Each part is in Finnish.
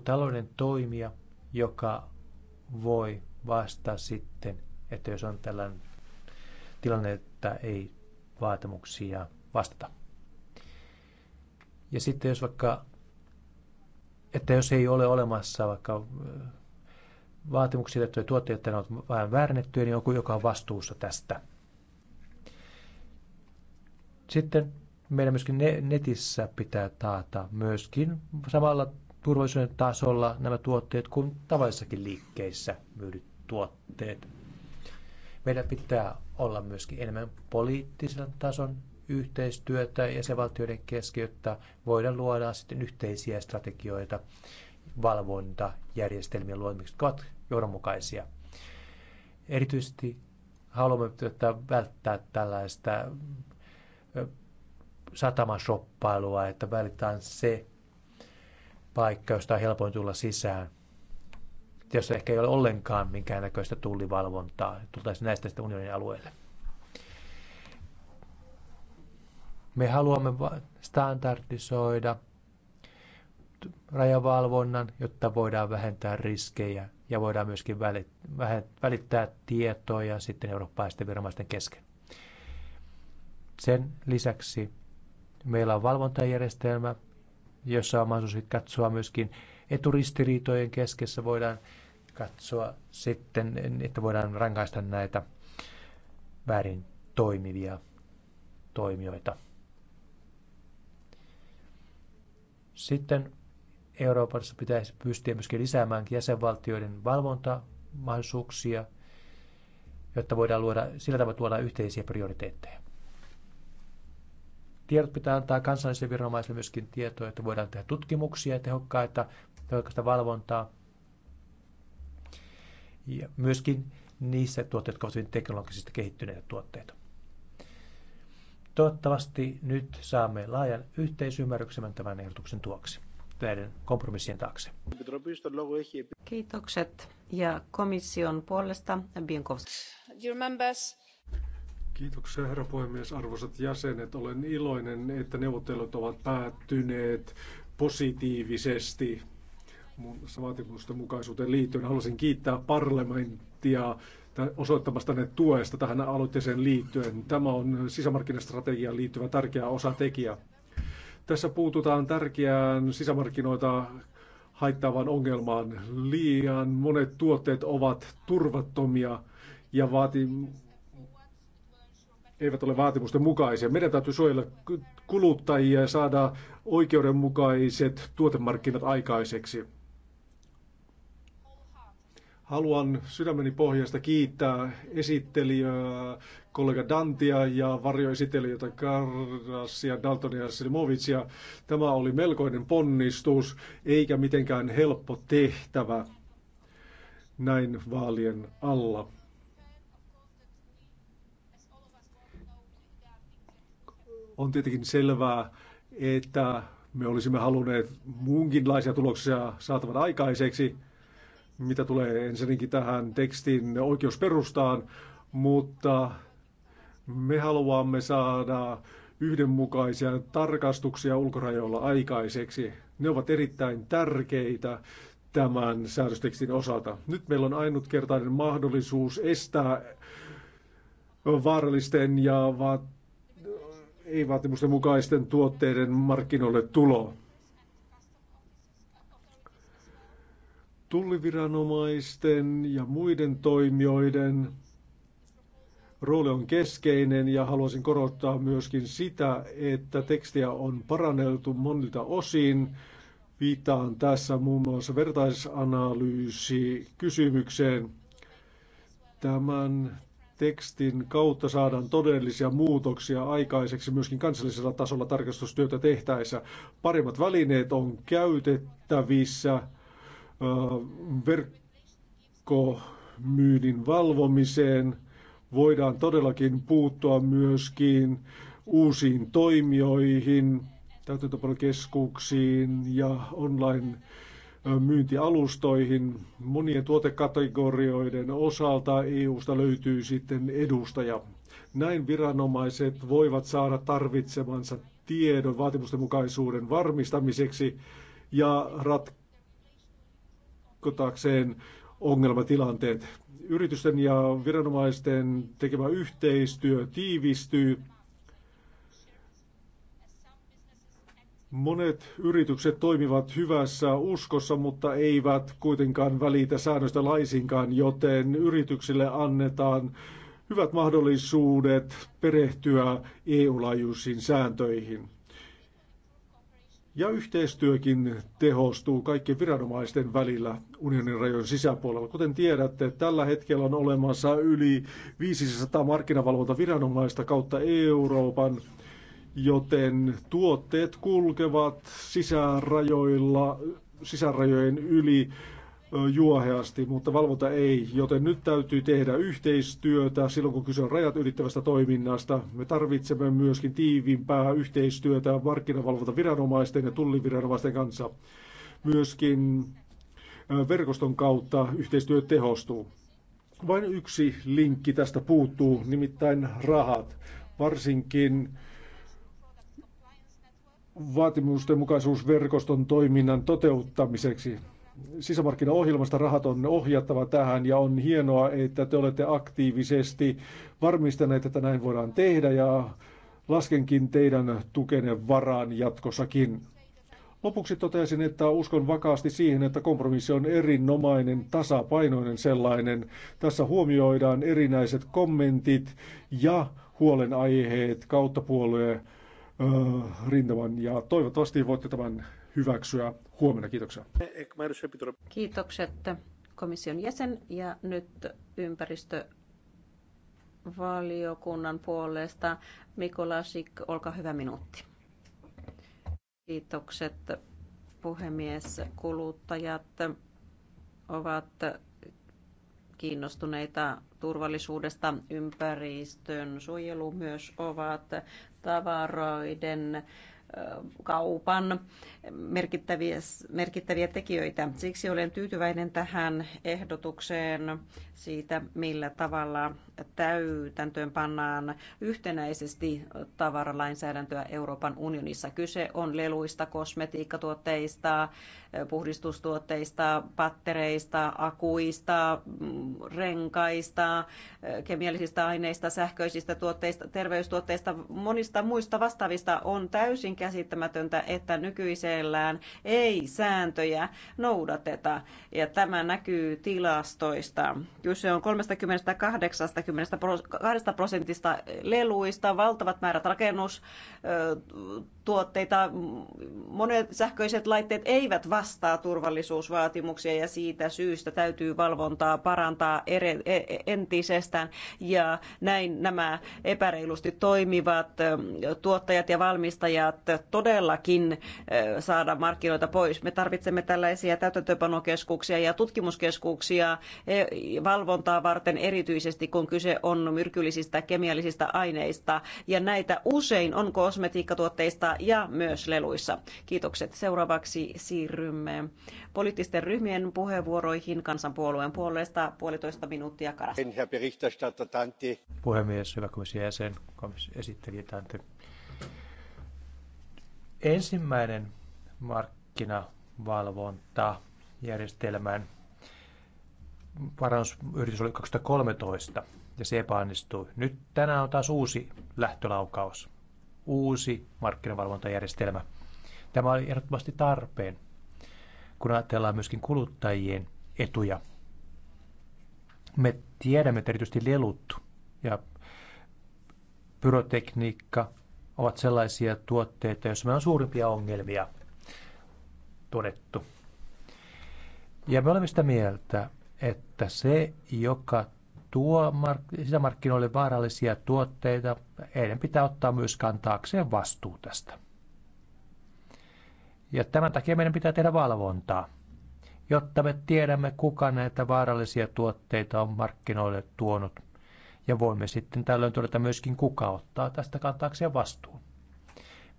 talouden toimija, joka voi vastata sitten, että jos on tällainen tilanne, että ei vaatimuksia vastata. Ja sitten jos vaikka, että jos ei ole olemassa vaikka vaatimuksia että tuotteet on vähän väärennettyjä, niin joku, joka on vastuussa tästä. Sitten meidän myöskin netissä pitää taata myöskin samalla turvallisuuden tasolla nämä tuotteet kuin tavallisissakin liikkeissä myydyt tuotteet. Meidän pitää olla myöskin enemmän poliittisen tason yhteistyötä jäsenvaltioiden kesken, jotta voidaan luoda sitten yhteisiä strategioita, valvontajärjestelmien luomiseksi, jotka ovat johdonmukaisia. Erityisesti haluamme välttää tällaista satamashoppailua, että välitään se paikka, josta on helpoin tulla sisään. Jos ehkä ei ole ollenkaan minkäännäköistä tullivalvontaa, tultaisiin näistä sitten unionin alueelle. Me haluamme standardisoida rajavalvonnan, jotta voidaan vähentää riskejä ja voidaan myöskin välittää tietoja sitten eurooppalaisten viranomaisten kesken. Sen lisäksi meillä on valvontajärjestelmä, jossa on mahdollisuus katsoa myöskin eturistiriitojen keskessä voidaan katsoa sitten, että voidaan rangaista näitä väärin toimivia toimijoita. Sitten Euroopassa pitäisi pystyä myöskin lisäämään jäsenvaltioiden valvontamahdollisuuksia, jotta voidaan luoda, sillä tavalla tuoda yhteisiä prioriteetteja. Tiedot pitää antaa kansallisille viranomaisille myöskin tietoa, että voidaan tehdä tutkimuksia ja tehokkaita, tehokkaista valvontaa. Ja myöskin niissä tuotteet, jotka ovat hyvin teknologisesti kehittyneitä tuotteita. Toivottavasti nyt saamme laajan yhteisymmärryksen tämän ehdotuksen tuoksi näiden kompromissien taakse. Kiitokset. Ja komission puolesta Bienkovski. Kiitoksia herra puhemies, arvoisat jäsenet. Olen iloinen, että neuvottelut ovat päättyneet positiivisesti vaatimusten mukaisuuteen liittyen. Haluaisin kiittää parlamenttia ne tuesta tähän aloitteeseen liittyen. Tämä on sisämarkkinastrategiaan liittyvä tärkeä osatekijä. Tässä puututaan tärkeään sisämarkkinoita haittaavaan ongelmaan. Liian monet tuotteet ovat turvattomia ja vaatii eivät ole vaatimusten mukaisia. Meidän täytyy suojella kuluttajia ja saada oikeudenmukaiset tuotemarkkinat aikaiseksi. Haluan sydämeni pohjasta kiittää esittelijää, kollega Dantia ja varjoesittelijöitä Karrasia, Daltonia ja Simovicia. Tämä oli melkoinen ponnistus, eikä mitenkään helppo tehtävä näin vaalien alla. On tietenkin selvää, että me olisimme halunneet muunkinlaisia tuloksia saatavan aikaiseksi, mitä tulee ensinnäkin tähän tekstin oikeusperustaan, mutta me haluamme saada yhdenmukaisia tarkastuksia ulkorajoilla aikaiseksi. Ne ovat erittäin tärkeitä tämän säädöstekstin osalta. Nyt meillä on ainutkertainen mahdollisuus estää vaarallisten ja ei-vaatimusten mukaisten tuotteiden markkinoille tulo. Tulliviranomaisten ja muiden toimijoiden rooli on keskeinen ja haluaisin korottaa myöskin sitä, että tekstiä on paranneltu monilta osin. Viittaan tässä muun muassa vertaisanalyysi kysymykseen. Tämän tekstin kautta saadaan todellisia muutoksia aikaiseksi myöskin kansallisella tasolla tarkastustyötä tehtäessä. Paremmat välineet on käytettävissä verkkomyynnin valvomiseen. Voidaan todellakin puuttua myöskin uusiin toimijoihin, täytäntöpanokeskuksiin ja online myyntialustoihin. Monien tuotekategorioiden osalta EUsta löytyy sitten edustaja. Näin viranomaiset voivat saada tarvitsemansa tiedon vaatimusten mukaisuuden varmistamiseksi ja ratkotakseen ongelmatilanteet. Yritysten ja viranomaisten tekemä yhteistyö tiivistyy Monet yritykset toimivat hyvässä uskossa, mutta eivät kuitenkaan välitä säännöstä laisinkaan, joten yrityksille annetaan hyvät mahdollisuudet perehtyä EU-laajuisiin sääntöihin. Ja yhteistyökin tehostuu kaikkien viranomaisten välillä unionin rajojen sisäpuolella. Kuten tiedätte, tällä hetkellä on olemassa yli 500 markkinavalvontaviranomaista kautta Euroopan joten tuotteet kulkevat sisärajoilla, sisärajojen yli juoheasti, mutta valvonta ei, joten nyt täytyy tehdä yhteistyötä silloin, kun kyse on rajat ylittävästä toiminnasta. Me tarvitsemme myöskin tiiviimpää yhteistyötä markkinavalvontaviranomaisten ja tulliviranomaisten kanssa. Myöskin verkoston kautta yhteistyö tehostuu. Vain yksi linkki tästä puuttuu, nimittäin rahat. Varsinkin vaatimustenmukaisuusverkoston toiminnan toteuttamiseksi. Sisämarkkinaohjelmasta rahat on ohjattava tähän ja on hienoa, että te olette aktiivisesti varmistaneet, että näin voidaan tehdä ja laskenkin teidän tukenne varaan jatkossakin. Lopuksi totesin, että uskon vakaasti siihen, että kompromissi on erinomainen, tasapainoinen sellainen. Tässä huomioidaan erinäiset kommentit ja huolenaiheet kautta puolueen rintaman ja toivottavasti voitte tämän hyväksyä huomenna. Kiitoksia. Kiitokset komission jäsen ja nyt ympäristövaliokunnan puolesta. Mikolasik, olkaa hyvä minuutti. Kiitokset puhemies. Kuluttajat ovat kiinnostuneita turvallisuudesta, ympäristön suojelu myös ovat tavaroiden kaupan merkittäviä, merkittäviä tekijöitä. Siksi olen tyytyväinen tähän ehdotukseen siitä, millä tavalla täytäntöön pannaan yhtenäisesti tavaralainsäädäntöä Euroopan unionissa. Kyse on leluista, kosmetiikkatuotteista, puhdistustuotteista, pattereista, akuista, renkaista, kemiallisista aineista, sähköisistä tuotteista, terveystuotteista, monista muista vastaavista on täysin käsittämätöntä, että nykyisellään ei sääntöjä noudateta. Ja tämä näkyy tilastoista. Kyse on 38 22 prosentista leluista, valtavat määrät rakennustuotteita, monet sähköiset laitteet eivät vastaa turvallisuusvaatimuksia ja siitä syystä täytyy valvontaa parantaa e- e- entisestään ja näin nämä epäreilusti toimivat tuottajat ja valmistajat todellakin saada markkinoita pois. Me tarvitsemme tällaisia täytäntöpanokeskuksia ja tutkimuskeskuksia e- valvontaa varten erityisesti kun kyse kyse on myrkyllisistä kemiallisista aineista, ja näitä usein on kosmetiikkatuotteista ja myös leluissa. Kiitokset. Seuraavaksi siirrymme poliittisten ryhmien puheenvuoroihin kansanpuolueen puolesta puolitoista minuuttia karasta. Puhemies, hyvä komission jäsen, komission esittelijä Tante. Ensimmäinen markkinavalvonta järjestelmän parannusyritys oli 2013 ja se epäonnistui. Nyt tänään on taas uusi lähtölaukaus, uusi markkinavalvontajärjestelmä. Tämä oli ehdottomasti tarpeen, kun ajatellaan myöskin kuluttajien etuja. Me tiedämme, että erityisesti lelut ja pyrotekniikka ovat sellaisia tuotteita, joissa meillä on suurimpia ongelmia todettu. Ja me olemme sitä mieltä, että se, joka tuo mark- sisämarkkinoille vaarallisia tuotteita, heidän pitää ottaa myös kantaakseen vastuu tästä. Ja tämän takia meidän pitää tehdä valvontaa, jotta me tiedämme, kuka näitä vaarallisia tuotteita on markkinoille tuonut. Ja voimme sitten tällöin todeta myöskin, kuka ottaa tästä kantaakseen vastuun.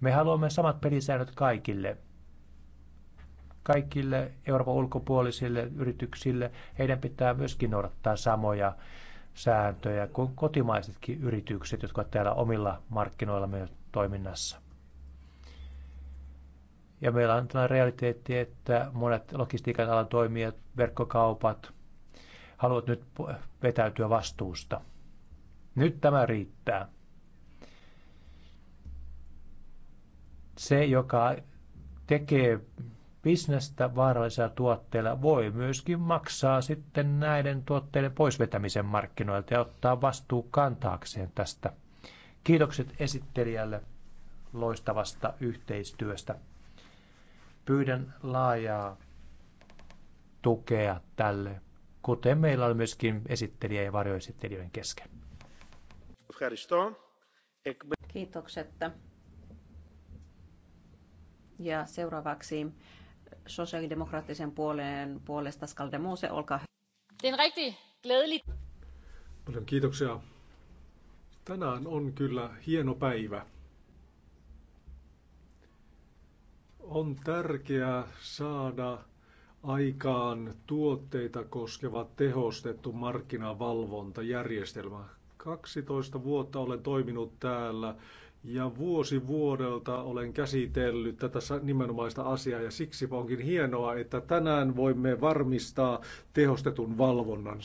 Me haluamme samat pelisäännöt kaikille – kaikille Euroopan ulkopuolisille yrityksille. Heidän pitää myöskin noudattaa samoja sääntöjä kuin kotimaisetkin yritykset, jotka ovat täällä omilla markkinoilla myös toiminnassa. Ja meillä on tällainen realiteetti, että monet logistiikan alan toimijat, verkkokaupat haluavat nyt vetäytyä vastuusta. Nyt tämä riittää. Se, joka tekee bisnestä vaarallisilla tuotteilla voi myöskin maksaa sitten näiden tuotteiden poisvetämisen markkinoilta ja ottaa vastuu kantaakseen tästä. Kiitokset esittelijälle loistavasta yhteistyöstä. Pyydän laajaa tukea tälle, kuten meillä on myöskin esittelijä ja varjoesittelijöiden kesken. Kiitokset. Ja seuraavaksi Sosialidemokraattisen puolen puolesta Skaldemuse, olkaa hyvä. Den er rigtig glædelig. Paljon kiitoksia. Tänään on kyllä hieno päivä. On tärkeää saada aikaan tuotteita koskeva tehostettu markkinavalvontajärjestelmä. 12 vuotta olen toiminut täällä ja vuosi vuodelta olen käsitellyt tätä nimenomaista asiaa ja siksi onkin hienoa, että tänään voimme varmistaa tehostetun valvonnan.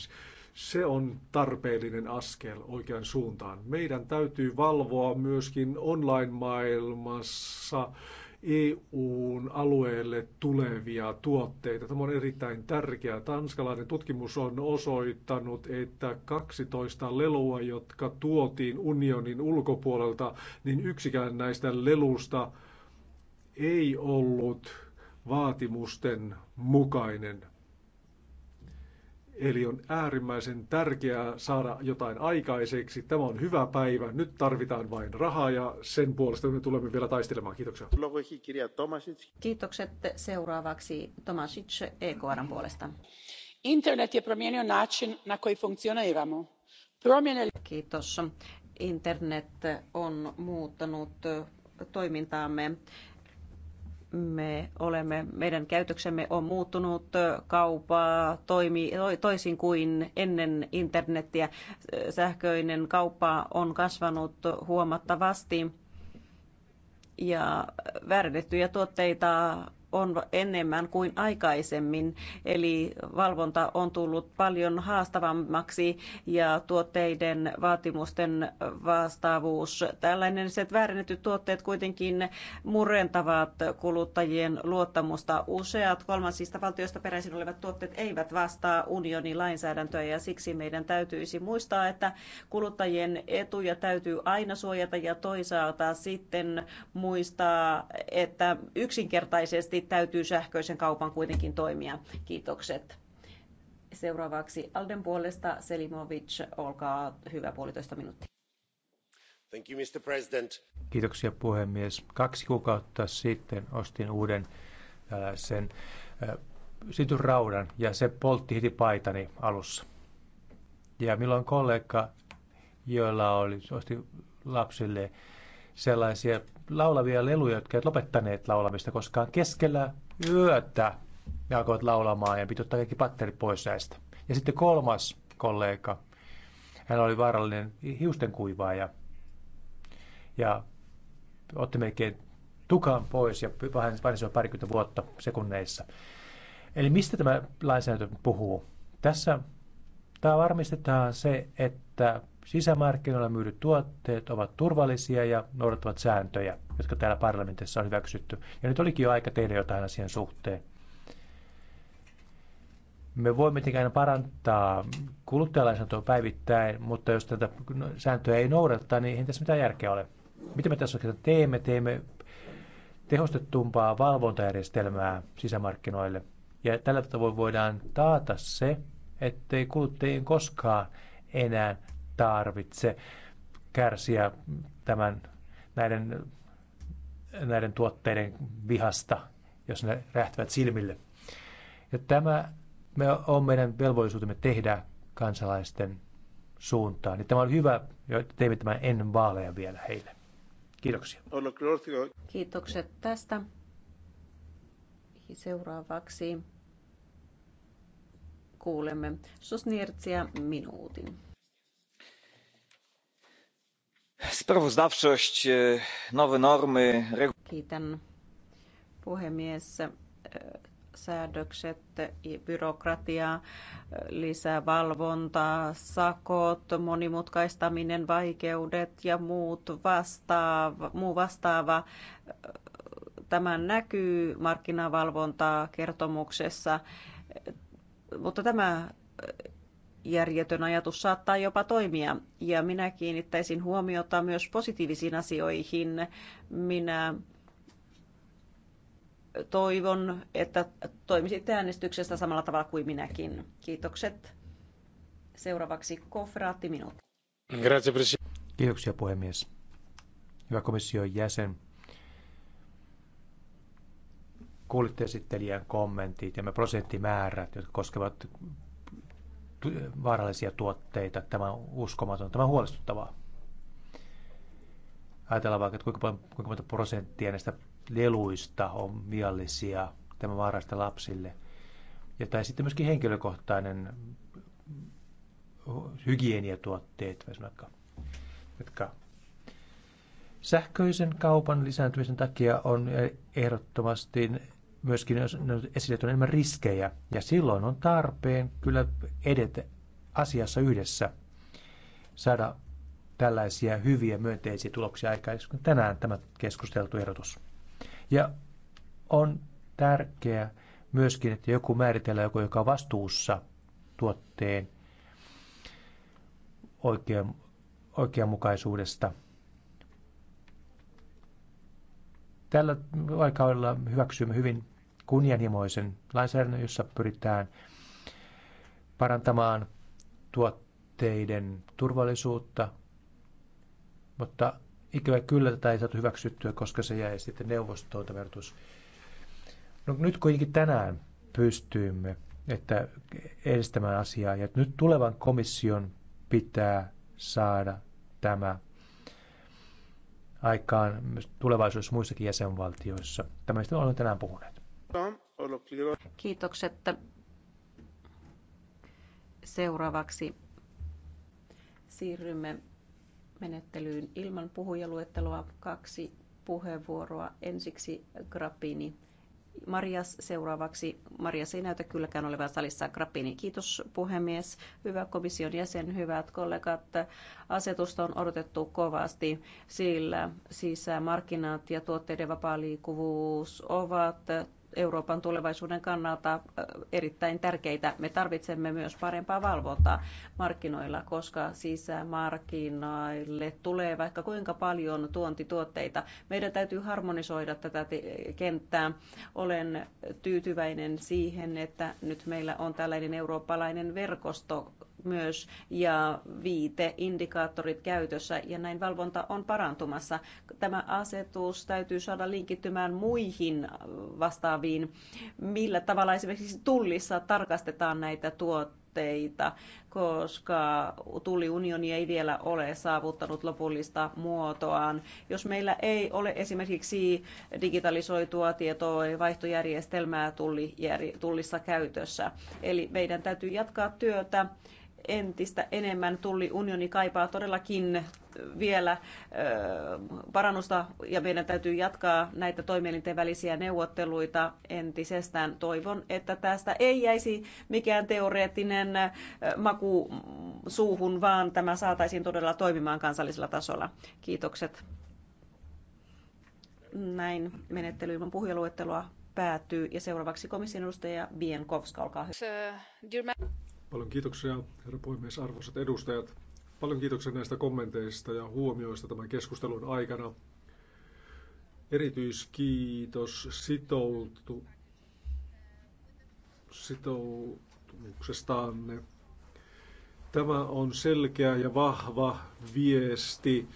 Se on tarpeellinen askel oikean suuntaan. Meidän täytyy valvoa myöskin online-maailmassa EUn alueelle tulevia tuotteita. Tämä on erittäin tärkeää. Tanskalainen tutkimus on osoittanut, että 12 lelua, jotka tuotiin unionin ulkopuolelta, niin yksikään näistä lelusta ei ollut vaatimusten mukainen. Eli on äärimmäisen tärkeää saada jotain aikaiseksi. Tämä on hyvä päivä. Nyt tarvitaan vain rahaa ja sen puolesta me tulemme vielä taistelemaan. Kiitoksia. Kiitokset seuraavaksi Tomasic EKRn puolesta. Internet je promijenio način na koji funkcioniramo. Promjene... Kiitos. Internet on muuttanut toimintaamme me olemme, meidän käytöksemme on muuttunut, kauppa toimi toisin kuin ennen internettiä. Sähköinen kauppa on kasvanut huomattavasti ja väärennettyjä tuotteita on enemmän kuin aikaisemmin, eli valvonta on tullut paljon haastavammaksi ja tuotteiden vaatimusten vastaavuus. Tällainen väärennetyt tuotteet kuitenkin murentavat kuluttajien luottamusta. Useat kolmansista valtioista peräisin olevat tuotteet eivät vastaa unionin lainsäädäntöä ja siksi meidän täytyisi muistaa, että kuluttajien etuja täytyy aina suojata ja toisaalta sitten muistaa, että yksinkertaisesti täytyy sähköisen kaupan kuitenkin toimia. Kiitokset. Seuraavaksi Alden puolesta Selimovic, olkaa hyvä puolitoista minuuttia. Thank you, Mr. President. Kiitoksia puhemies. Kaksi kuukautta sitten ostin uuden äh, sen äh, raudan ja se poltti heti paitani alussa. Ja milloin kollega, joilla oli, osti lapsille sellaisia laulavia leluja, jotka eivät lopettaneet laulamista koskaan keskellä yötä. Ne alkoivat laulamaan ja piti ottaa kaikki patterit pois näistä. Ja sitten kolmas kollega, hän oli vaarallinen hiusten kuivaaja ja otti melkein tukan pois ja vähän vain parikymmentä vuotta sekunneissa. Eli mistä tämä lainsäädäntö puhuu? Tässä tämä varmistetaan se, että sisämarkkinoilla myydyt tuotteet ovat turvallisia ja noudattavat sääntöjä, jotka täällä parlamentissa on hyväksytty. Ja nyt olikin jo aika tehdä jotain asian suhteen. Me voimme tietenkin parantaa kuluttajalainsäädäntöä päivittäin, mutta jos tätä sääntöä ei noudateta, niin ei tässä mitään järkeä ole. Mitä me tässä oikeastaan teemme? Teemme tehostettumpaa valvontajärjestelmää sisämarkkinoille. Ja tällä tavoin voidaan taata se, ettei kuluttajien koskaan enää tarvitse kärsiä tämän, näiden, näiden tuotteiden vihasta, jos ne rähtävät silmille. Ja tämä me on meidän velvollisuutemme tehdä kansalaisten suuntaan. Ja tämä on hyvä, että teimme tämän ennen vaaleja vielä heille. Kiitoksia. Kiitokset tästä. Seuraavaksi kuulemme Sosnirtsiä minuutin. Sprawozdawczość, e, nowe normy. Kiitän puhemies. E, säädökset, byrokratia, e, valvontaa, sakot, monimutkaistaminen, vaikeudet ja muut vastaava, muu vastaava tämän näkyy markkinavalvontaa kertomuksessa, mutta tämä järjetön ajatus saattaa jopa toimia. Ja minä kiinnittäisin huomiota myös positiivisiin asioihin. Minä toivon, että toimisitte äänestyksestä samalla tavalla kuin minäkin. Kiitokset. Seuraavaksi kofraatti minuutti. Kiitoksia puhemies. Hyvä komission jäsen. Kuulitte esittelijän kommentit ja me prosenttimäärät, jotka koskevat vaarallisia tuotteita. Tämä on uskomaton, tämä on huolestuttavaa. Ajatellaan vaikka, että kuinka, paljon, kuinka monta prosenttia näistä leluista on viallisia tämä vaarallista lapsille. Ja tai sitten myöskin henkilökohtainen hygieniatuotteet, vaikka, jotka sähköisen kaupan lisääntymisen takia on ehdottomasti myöskin esille on enemmän riskejä. Ja silloin on tarpeen kyllä edetä asiassa yhdessä, saada tällaisia hyviä myönteisiä tuloksia aikaisemmin. Tänään tämä keskusteltu erotus. Ja on tärkeää myöskin, että joku määritellään joku, joka on vastuussa tuotteen oikean, oikeanmukaisuudesta. Tällä aikaudella hyväksymme hyvin kunnianhimoisen lainsäädännön, jossa pyritään parantamaan tuotteiden turvallisuutta, mutta ikävä kyllä tätä ei saatu hyväksyttyä, koska se jäi sitten neuvostoon tämä ehdotus. No, nyt kuitenkin tänään pystyimme että edistämään asiaa ja nyt tulevan komission pitää saada tämä aikaan tulevaisuudessa muissakin jäsenvaltioissa. Tämä on tänään puhuneet. Kiitokset. Seuraavaksi siirrymme menettelyyn ilman puhujaluetteloa kaksi puheenvuoroa. Ensiksi Grappini. Marias seuraavaksi. Marias ei näytä kylläkään olevan salissa. Grappini, kiitos puhemies. Hyvä komission jäsen, hyvät kollegat. Asetusta on odotettu kovasti, sillä sisämarkkinat ja tuotteiden vapaa liikkuvuus ovat Euroopan tulevaisuuden kannalta äh, erittäin tärkeitä. Me tarvitsemme myös parempaa valvontaa markkinoilla, koska sisämarkkinoille tulee vaikka kuinka paljon tuontituotteita. Meidän täytyy harmonisoida tätä kenttää. Olen tyytyväinen siihen, että nyt meillä on tällainen eurooppalainen verkosto myös ja viiteindikaattorit käytössä ja näin valvonta on parantumassa. Tämä asetus täytyy saada linkittymään muihin vastaaviin, millä tavalla esimerkiksi tullissa tarkastetaan näitä tuotteita tavoitteita, koska tulliunioni ei vielä ole saavuttanut lopullista muotoaan. Jos meillä ei ole esimerkiksi digitalisoitua tietoa ja vaihtojärjestelmää tullissa käytössä, eli meidän täytyy jatkaa työtä entistä enemmän unioni kaipaa todellakin vielä parannusta ja meidän täytyy jatkaa näitä toimielinten välisiä neuvotteluita entisestään. Toivon, että tästä ei jäisi mikään teoreettinen maku suuhun, vaan tämä saataisiin todella toimimaan kansallisella tasolla. Kiitokset. Näin menettely ilman puhujaluettelua päättyy ja seuraavaksi komission edustaja Bienkovska, olkaa hyvä. Paljon kiitoksia, herra puhemies, arvoisat edustajat. Paljon kiitoksia näistä kommenteista ja huomioista tämän keskustelun aikana. Erityiskiitos sitoutu, sitoutumuksestaanne. Tämä on selkeä ja vahva viesti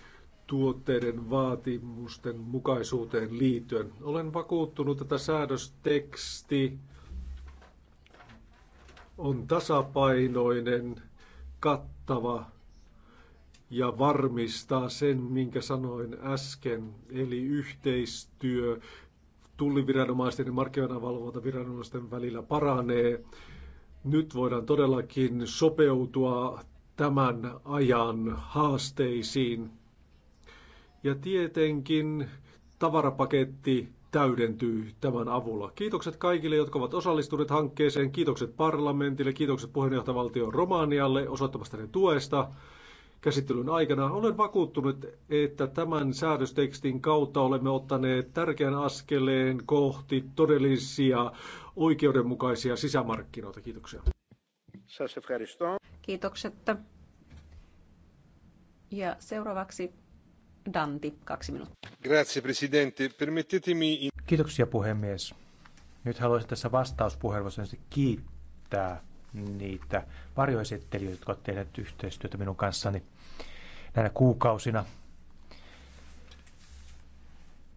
tuotteiden vaatimusten mukaisuuteen liittyen. Olen vakuuttunut, että säädösteksti on tasapainoinen, kattava ja varmistaa sen, minkä sanoin äsken, eli yhteistyö tulliviranomaisten ja markkinavalvontaviranomaisten välillä paranee. Nyt voidaan todellakin sopeutua tämän ajan haasteisiin. Ja tietenkin tavarapaketti täydentyy tämän avulla. Kiitokset kaikille, jotka ovat osallistuneet hankkeeseen. Kiitokset parlamentille, kiitokset puheenjohtavaltio Romanialle osoittamastanne tuesta käsittelyn aikana. Olen vakuuttunut, että tämän säädöstekstin kautta olemme ottaneet tärkeän askeleen kohti todellisia oikeudenmukaisia sisämarkkinoita. Kiitoksia. Kiitokset. Ja seuraavaksi Danti, kaksi minuuttia. Kiitoksia, puhemies. Nyt haluaisin tässä vastauspuheenvuorossa kiittää niitä varjoesittelijöitä, jotka ovat tehneet yhteistyötä minun kanssani näinä kuukausina.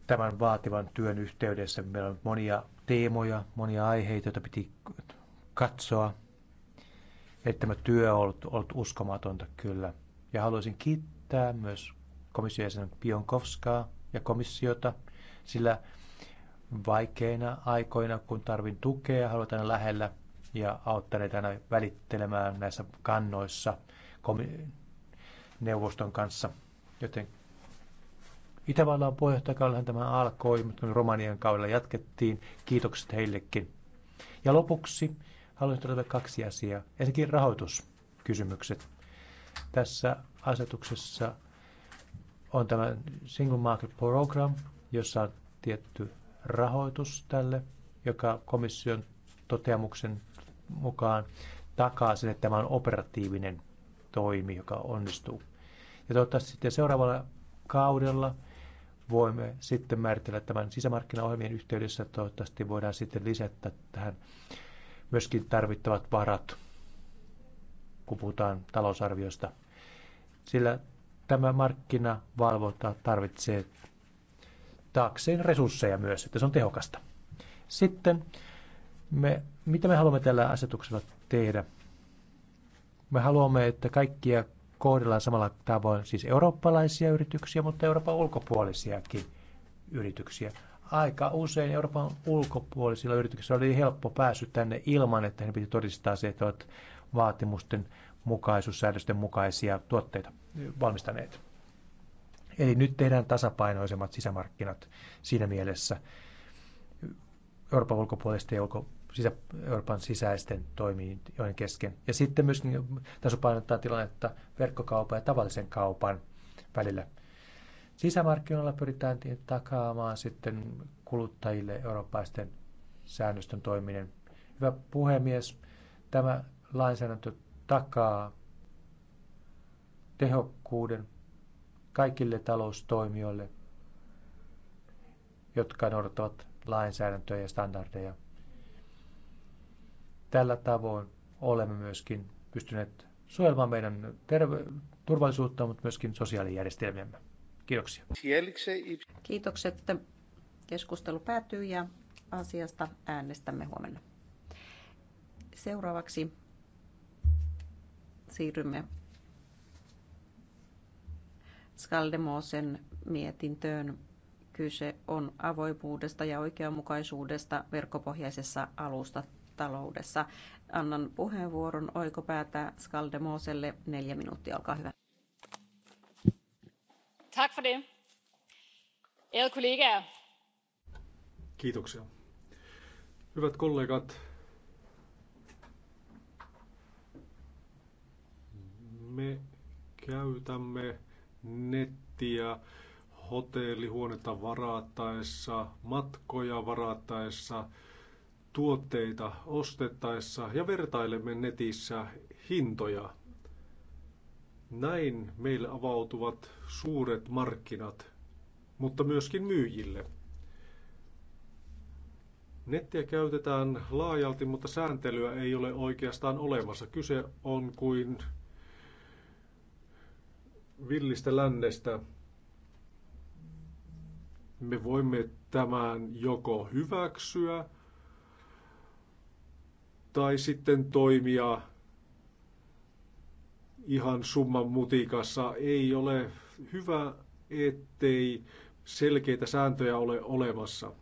Tämän vaativan työn yhteydessä meillä on monia teemoja, monia aiheita, joita piti katsoa. Että tämä työ on ollut, ollut uskomatonta kyllä. Ja haluaisin kiittää myös komission jäsen Pionkovskaa ja komissiota, sillä vaikeina aikoina, kun tarvin tukea, halutaan aina lähellä ja auttaneet aina välittelemään näissä kannoissa neuvoston kanssa. Joten Itävallan puheenjohtajakaudellahan tämä alkoi, mutta Romanian kaudella jatkettiin. Kiitokset heillekin. Ja lopuksi haluaisin todeta kaksi asiaa. Ensinnäkin rahoituskysymykset. Tässä asetuksessa on tämä Single Market Program, jossa on tietty rahoitus tälle, joka komission toteamuksen mukaan takaa sen, että tämä on operatiivinen toimi, joka onnistuu. Ja toivottavasti sitten seuraavalla kaudella voimme sitten määritellä tämän sisämarkkinaohjelmien yhteydessä. Toivottavasti voidaan sitten lisätä tähän myöskin tarvittavat varat, kun puhutaan talousarviosta. Sillä tämä markkinavalvonta tarvitsee taakseen resursseja myös, että se on tehokasta. Sitten, me, mitä me haluamme tällä asetuksella tehdä? Me haluamme, että kaikkia kohdellaan samalla tavoin, siis eurooppalaisia yrityksiä, mutta Euroopan ulkopuolisiakin yrityksiä. Aika usein Euroopan ulkopuolisilla yrityksillä oli helppo pääsy tänne ilman, että he piti todistaa se, että ovat vaatimusten mukaisuussäädösten mukaisia tuotteita valmistaneet. Eli nyt tehdään tasapainoisemmat sisämarkkinat siinä mielessä Euroopan ulkopuolisten ja ulko, sisä, Euroopan sisäisten toimijoiden kesken. Ja sitten myös niin tasapainottaa tilannetta verkkokaupan ja tavallisen kaupan välillä. Sisämarkkinoilla pyritään takaamaan sitten kuluttajille eurooppaisten säännösten toiminen. Hyvä puhemies, tämä lainsäädäntö takaa tehokkuuden kaikille taloustoimijoille, jotka noudattavat lainsäädäntöä ja standardeja. Tällä tavoin olemme myöskin pystyneet suojelmaan meidän terve- turvallisuutta, mutta myöskin sosiaalijärjestelmiämme. Kiitoksia. Kiitokset. Keskustelu päättyy ja asiasta äänestämme huomenna. Seuraavaksi siirrymme Skaldemosen mietintöön. Kyse on avoimuudesta ja oikeanmukaisuudesta verkkopohjaisessa alustataloudessa. Annan puheenvuoron oikopäätä Skaldemoselle. Neljä minuuttia, olkaa hyvä. Tack för det. Kiitoksia. Hyvät kollegat, Me käytämme nettiä hotellihuonetta varattaessa, matkoja varattaessa, tuotteita ostettaessa ja vertailemme netissä hintoja. Näin meille avautuvat suuret markkinat, mutta myöskin myyjille. Nettiä käytetään laajalti, mutta sääntelyä ei ole oikeastaan olemassa. Kyse on kuin villistä lännestä. Me voimme tämän joko hyväksyä tai sitten toimia ihan summan mutikassa. Ei ole hyvä, ettei selkeitä sääntöjä ole olemassa.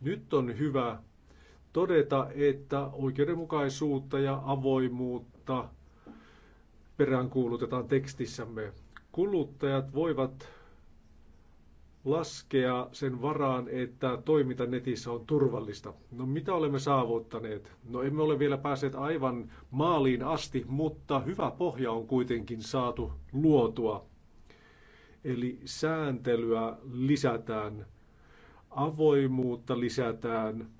Nyt on hyvä todeta, että oikeudenmukaisuutta ja avoimuutta peräänkuulutetaan tekstissämme. Kuluttajat voivat laskea sen varaan, että toiminta netissä on turvallista. No mitä olemme saavuttaneet? No emme ole vielä päässeet aivan maaliin asti, mutta hyvä pohja on kuitenkin saatu luotua. Eli sääntelyä lisätään, avoimuutta lisätään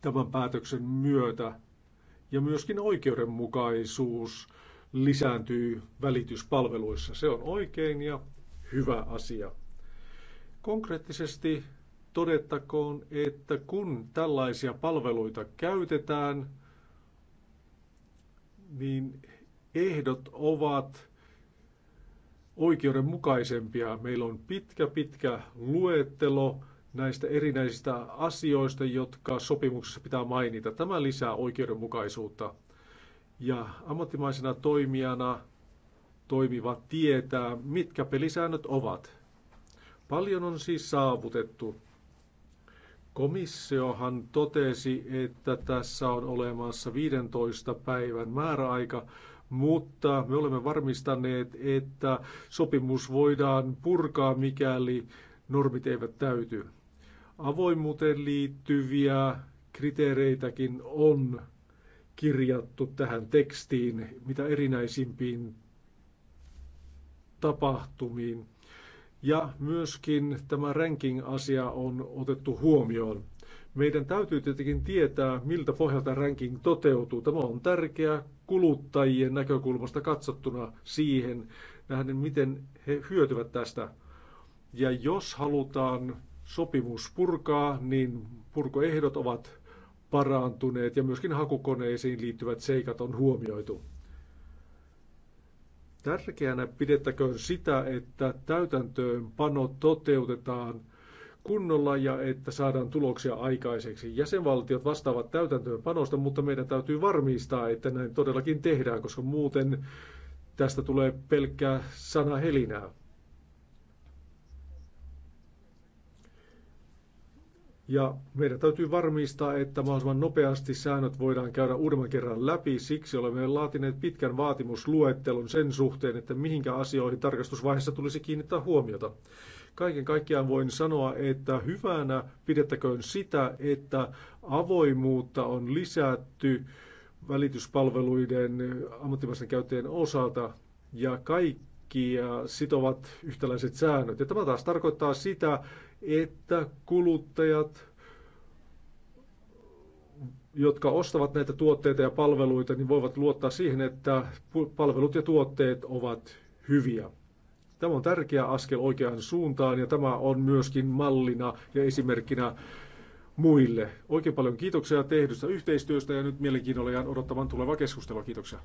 tämän päätöksen myötä ja myöskin oikeudenmukaisuus lisääntyy välityspalveluissa. Se on oikein ja hyvä asia. Konkreettisesti todettakoon, että kun tällaisia palveluita käytetään, niin ehdot ovat oikeudenmukaisempia. Meillä on pitkä, pitkä luettelo näistä erinäisistä asioista, jotka sopimuksessa pitää mainita. Tämä lisää oikeudenmukaisuutta ja ammattimaisena toimijana toimiva tietää, mitkä pelisäännöt ovat. Paljon on siis saavutettu. Komissiohan totesi, että tässä on olemassa 15 päivän määräaika, mutta me olemme varmistaneet, että sopimus voidaan purkaa, mikäli normit eivät täyty. Avoimuuteen liittyviä kriteereitäkin on kirjattu tähän tekstiin, mitä erinäisimpiin tapahtumiin. Ja myöskin tämä ranking-asia on otettu huomioon. Meidän täytyy tietenkin tietää, miltä pohjalta ranking toteutuu. Tämä on tärkeää kuluttajien näkökulmasta katsottuna siihen, nähden miten he hyötyvät tästä. Ja jos halutaan sopimus purkaa, niin purkoehdot ovat parantuneet ja myöskin hakukoneisiin liittyvät seikat on huomioitu. Tärkeänä pidettäköön sitä, että täytäntöönpano toteutetaan kunnolla ja että saadaan tuloksia aikaiseksi. Jäsenvaltiot vastaavat täytäntöönpanosta, mutta meidän täytyy varmistaa, että näin todellakin tehdään, koska muuten tästä tulee pelkkää sanahelinää. Ja meidän täytyy varmistaa, että mahdollisimman nopeasti säännöt voidaan käydä uudemman kerran läpi. Siksi olemme laatineet pitkän vaatimusluettelon sen suhteen, että mihinkä asioihin tarkastusvaiheessa tulisi kiinnittää huomiota. Kaiken kaikkiaan voin sanoa, että hyvänä pidettäköön sitä, että avoimuutta on lisätty välityspalveluiden ammattimaisen käyttäjien osalta ja kaikki kaikki sitovat yhtäläiset säännöt. Ja tämä taas tarkoittaa sitä, että kuluttajat, jotka ostavat näitä tuotteita ja palveluita, niin voivat luottaa siihen, että palvelut ja tuotteet ovat hyviä. Tämä on tärkeä askel oikeaan suuntaan ja tämä on myöskin mallina ja esimerkkinä muille. Oikein paljon kiitoksia tehdystä yhteistyöstä ja nyt mielenkiinnolla jään odottamaan tulevaa keskustelua. Kiitoksia.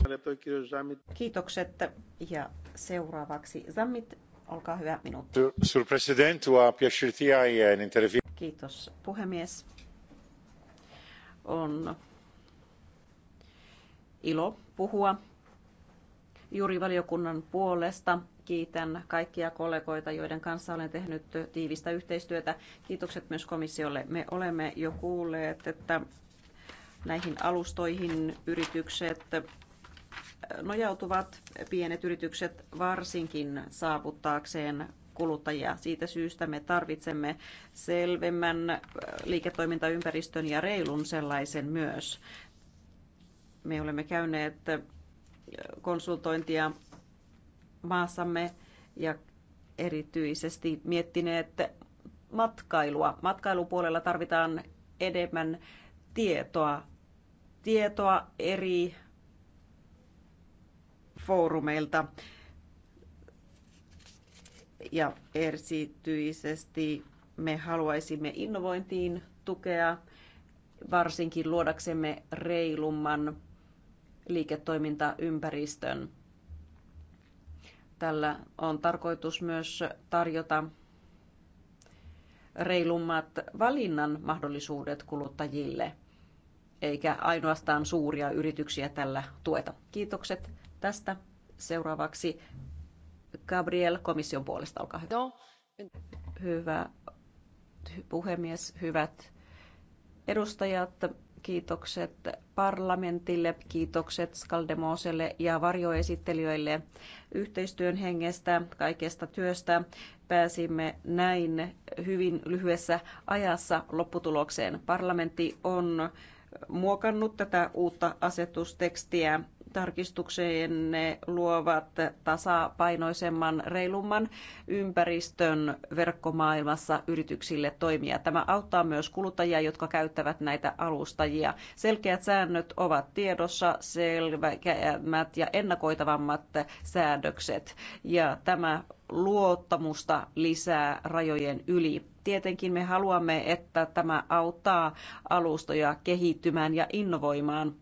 Kiitokset ja seuraavaksi Zammit Olkaa hyvä, minuutti. E Kiitos, puhemies. On ilo puhua valiokunnan puolesta. Kiitän kaikkia kollegoita, joiden kanssa olen tehnyt tiivistä yhteistyötä. Kiitokset myös komissiolle. Me olemme jo kuulleet, että näihin alustoihin yritykset nojautuvat pienet yritykset varsinkin saavuttaakseen kuluttajia. Siitä syystä me tarvitsemme selvemmän liiketoimintaympäristön ja reilun sellaisen myös. Me olemme käyneet konsultointia maassamme ja erityisesti miettineet matkailua. Matkailupuolella tarvitaan enemmän tietoa, tietoa eri foorumeilta ja erityisesti me haluaisimme innovointiin tukea, varsinkin luodaksemme reilumman liiketoimintaympäristön. Tällä on tarkoitus myös tarjota reilummat valinnan mahdollisuudet kuluttajille, eikä ainoastaan suuria yrityksiä tällä tueta. Kiitokset tästä. Seuraavaksi Gabriel komission puolesta, olkaa hyvä. No. Hyvä puhemies, hyvät edustajat, kiitokset parlamentille, kiitokset Skaldemoselle ja varjoesittelijöille yhteistyön hengestä, kaikesta työstä. Pääsimme näin hyvin lyhyessä ajassa lopputulokseen. Parlamentti on muokannut tätä uutta asetustekstiä ne luovat tasapainoisemman, reilumman ympäristön verkkomaailmassa yrityksille toimia. Tämä auttaa myös kuluttajia, jotka käyttävät näitä alustajia. Selkeät säännöt ovat tiedossa, selväkäämät ja ennakoitavammat säädökset. Ja tämä luottamusta lisää rajojen yli. Tietenkin me haluamme, että tämä auttaa alustoja kehittymään ja innovoimaan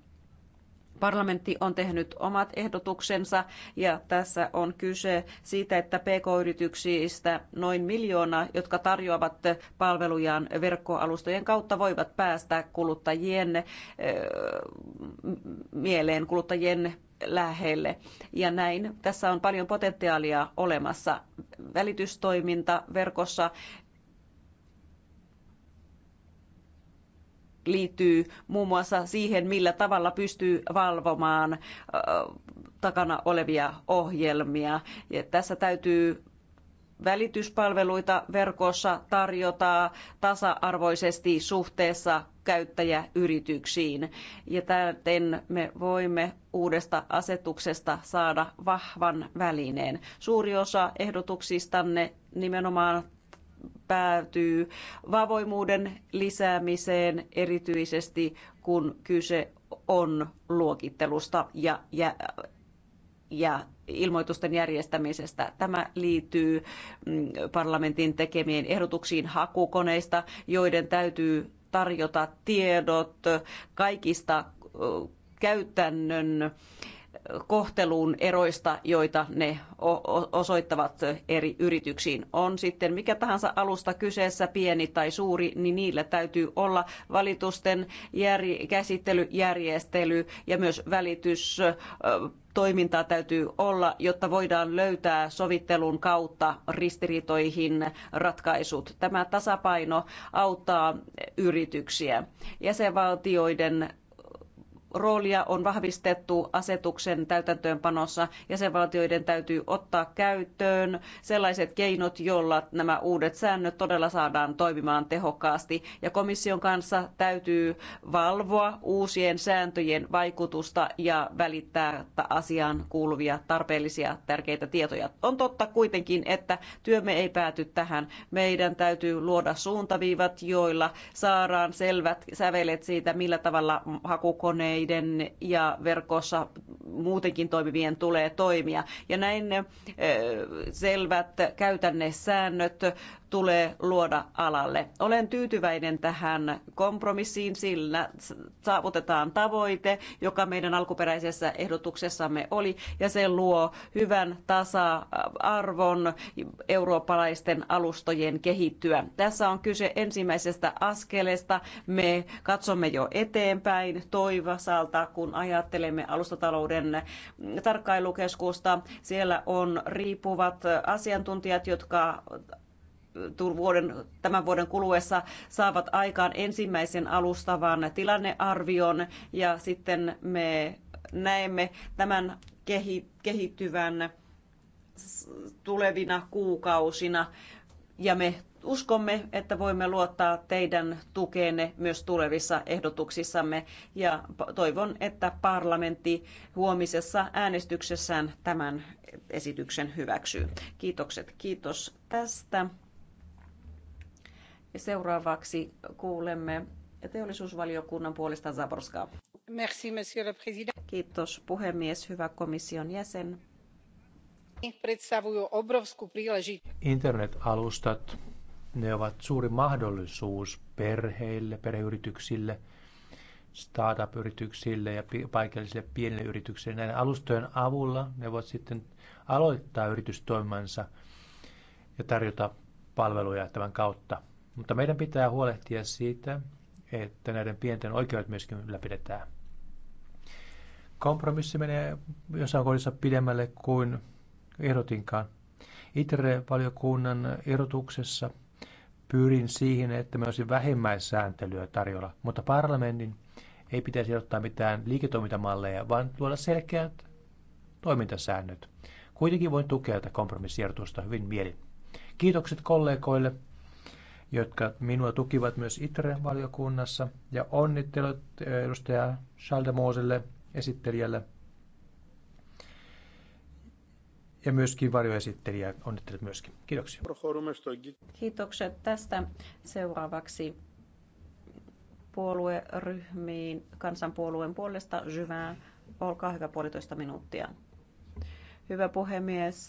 Parlamentti on tehnyt omat ehdotuksensa ja tässä on kyse siitä, että pk-yrityksistä noin miljoona, jotka tarjoavat palvelujaan verkkoalustojen kautta, voivat päästä kuluttajien mieleen, kuluttajien lähelle. Ja näin tässä on paljon potentiaalia olemassa. Välitystoiminta verkossa liittyy muun muassa siihen, millä tavalla pystyy valvomaan takana olevia ohjelmia. Ja tässä täytyy välityspalveluita verkossa tarjota tasa-arvoisesti suhteessa käyttäjäyrityksiin. Ja täten me voimme uudesta asetuksesta saada vahvan välineen. Suuri osa ehdotuksistanne nimenomaan päätyy vavoimuuden lisäämiseen erityisesti, kun kyse on luokittelusta ja, ja, ja ilmoitusten järjestämisestä. Tämä liittyy mm, parlamentin tekemiin ehdotuksiin hakukoneista, joiden täytyy tarjota tiedot kaikista käytännön kohteluun eroista, joita ne osoittavat eri yrityksiin. On sitten mikä tahansa alusta kyseessä, pieni tai suuri, niin niillä täytyy olla valitusten jär- käsittelyjärjestely ja myös välitys toimintaa täytyy olla, jotta voidaan löytää sovittelun kautta ristiriitoihin ratkaisut. Tämä tasapaino auttaa yrityksiä. Jäsenvaltioiden roolia on vahvistettu asetuksen täytäntöönpanossa. Jäsenvaltioiden täytyy ottaa käyttöön sellaiset keinot, joilla nämä uudet säännöt todella saadaan toimimaan tehokkaasti. Ja komission kanssa täytyy valvoa uusien sääntöjen vaikutusta ja välittää asiaan kuuluvia tarpeellisia tärkeitä tietoja. On totta kuitenkin, että työmme ei pääty tähän. Meidän täytyy luoda suuntaviivat, joilla saadaan selvät sävelet siitä, millä tavalla hakukone palveluiden ja verkossa muutenkin toimivien tulee toimia. Ja näin selvät käytännessäännöt tulee luoda alalle. Olen tyytyväinen tähän kompromissiin, sillä saavutetaan tavoite, joka meidän alkuperäisessä ehdotuksessamme oli, ja se luo hyvän tasa-arvon eurooppalaisten alustojen kehittyä. Tässä on kyse ensimmäisestä askeleesta. Me katsomme jo eteenpäin toivasalta, kun ajattelemme alustatalouden tarkkailukeskusta. Siellä on riippuvat asiantuntijat, jotka vuoden, tämän vuoden kuluessa saavat aikaan ensimmäisen alustavan tilannearvion ja sitten me näemme tämän kehittyvän tulevina kuukausina ja me uskomme, että voimme luottaa teidän tukeenne myös tulevissa ehdotuksissamme ja toivon, että parlamentti huomisessa äänestyksessään tämän esityksen hyväksyy. Kiitokset, kiitos tästä. Seuraavaksi kuulemme teollisuusvaliokunnan puolesta Zaborskaa. Merci, monsieur le président. Kiitos puhemies, hyvä komission jäsen. Internet-alustat, ne ovat suuri mahdollisuus perheille, perheyrityksille, startup-yrityksille ja paikallisille pienille yrityksille. Näiden alustojen avulla ne voivat sitten aloittaa yritystoimansa ja tarjota palveluja tämän kautta. Mutta meidän pitää huolehtia siitä, että näiden pienten oikeudet myöskin ylläpidetään. Kompromissi menee jossain kohdissa pidemmälle kuin ehdotinkaan. ITRE-valiokunnan erotuksessa pyrin siihen, että me olisi vähimmäissääntelyä tarjolla, mutta parlamentin ei pitäisi ottaa mitään liiketoimintamalleja, vaan tuoda selkeät toimintasäännöt. Kuitenkin voin tukea tätä kompromissiertusta hyvin mielin. Kiitokset kollegoille jotka minua tukivat myös ITRE-valiokunnassa. Ja onnittelut eh, edustaja Schaldemoselle, esittelijälle. Ja myöskin varjoesittelijä onnittelut myöskin. Kiitoksia. Kiitokset tästä. Seuraavaksi puolueryhmiin kansanpuolueen puolesta Jyvää. Olkaa hyvä puolitoista minuuttia. Hyvä puhemies.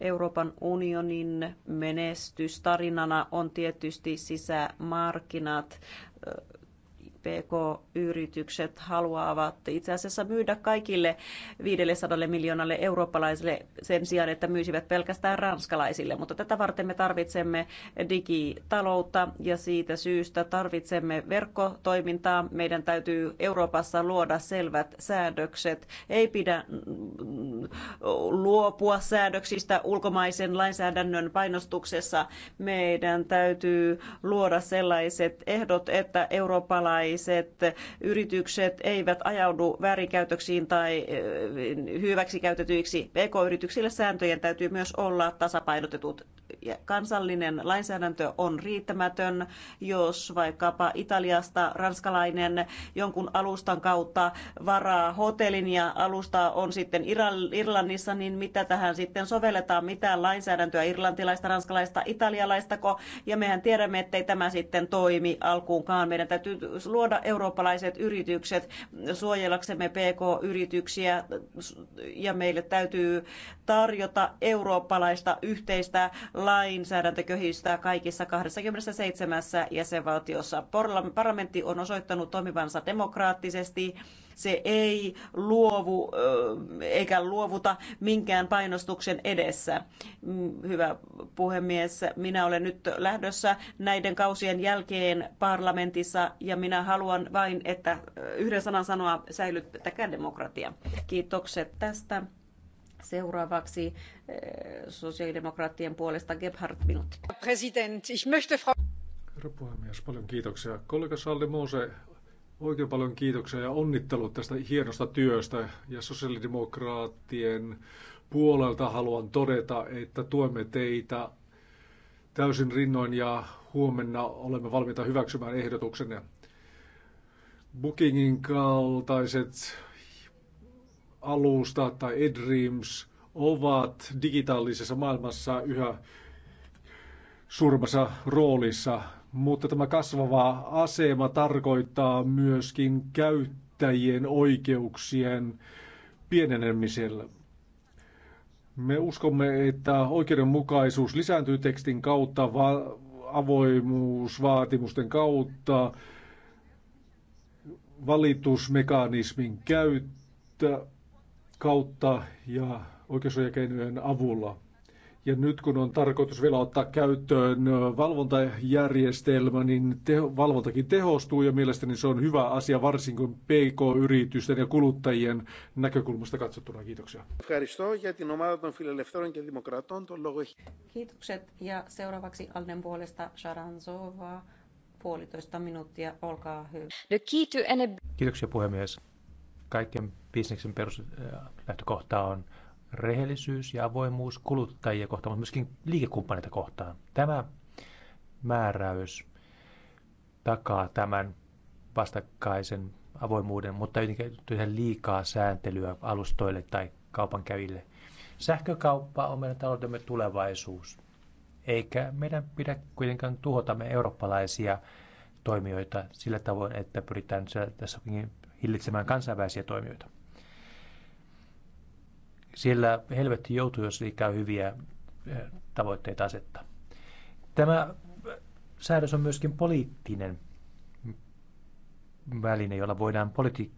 Euroopan unionin menestystarinana on tietysti sisämarkkinat, PK-yritykset haluavat itse asiassa myydä kaikille 500 miljoonalle eurooppalaisille sen sijaan, että myisivät pelkästään ranskalaisille. Mutta tätä varten me tarvitsemme digitaloutta ja siitä syystä tarvitsemme verkkotoimintaa. Meidän täytyy Euroopassa luoda selvät säädökset. Ei pidä luopua säädöksistä ulkomaisen lainsäädännön painostuksessa. Meidän täytyy luoda sellaiset ehdot, että eurooppalaiset kansainväliset yritykset eivät ajaudu väärinkäytöksiin tai eh, hyväksikäytetyiksi. PK-yrityksille sääntöjen täytyy myös olla tasapainotetut kansallinen lainsäädäntö on riittämätön, jos vaikkapa Italiasta ranskalainen jonkun alustan kautta varaa hotellin ja alusta on sitten Irlannissa, niin mitä tähän sitten sovelletaan, mitä lainsäädäntöä irlantilaista, ranskalaista, italialaistako, ja mehän tiedämme, ettei tämä sitten toimi alkuunkaan. Meidän täytyy luoda eurooppalaiset yritykset suojellaksemme PK-yrityksiä, ja meille täytyy tarjota eurooppalaista yhteistä lainsäädäntö köhistää kaikissa 27 jäsenvaltiossa. Parlamentti on osoittanut toimivansa demokraattisesti. Se ei luovu eikä luovuta minkään painostuksen edessä. Mm, hyvä puhemies, minä olen nyt lähdössä näiden kausien jälkeen parlamentissa ja minä haluan vain, että yhden sanan sanoa säilyttäkää demokratia. Kiitokset tästä. Seuraavaksi eh, sosiaalidemokraattien puolesta Gebhard Minut. President, ich möchte Frau... Herra puhemies, paljon kiitoksia. Kollega Salli Muuse, oikein paljon kiitoksia ja onnittelut tästä hienosta työstä. Ja sosiaalidemokraattien puolelta haluan todeta, että tuemme teitä täysin rinnoin ja huomenna olemme valmiita hyväksymään ehdotuksenne. Bookingin kaltaiset alusta tai eDreams ovat digitaalisessa maailmassa yhä suuremmassa roolissa, mutta tämä kasvava asema tarkoittaa myöskin käyttäjien oikeuksien pienenemisellä. Me uskomme, että oikeudenmukaisuus lisääntyy tekstin kautta, va- avoimuusvaatimusten kautta, valitusmekanismin käyttö kautta ja oikeusajakeinojen avulla. Ja nyt kun on tarkoitus vielä ottaa käyttöön valvontajärjestelmä, niin teho, valvontakin tehostuu ja mielestäni se on hyvä asia varsinkin PK-yritysten ja kuluttajien näkökulmasta katsottuna. Kiitoksia. Kiitokset ja seuraavaksi Alden puolesta Zovaa puolitoista minuuttia, olkaa hyvä. Kiitoksia puhemies kaiken bisneksen peruslähtökohta äh, on rehellisyys ja avoimuus kuluttajia kohtaan, mutta myöskin liikekumppaneita kohtaan. Tämä määräys takaa tämän vastakkaisen avoimuuden, mutta ei tehdä liikaa sääntelyä alustoille tai kaupankäville. Sähkökauppa on meidän taloutemme tulevaisuus, eikä meidän pidä kuitenkaan tuhota me eurooppalaisia toimijoita sillä tavoin, että pyritään tässä hillitsemään kansainvälisiä toimijoita. Siellä helvetti joutuu, jos liikaa hyviä eh, tavoitteita asettaa. Tämä eh, säädös on myöskin poliittinen väline, jolla voidaan politi-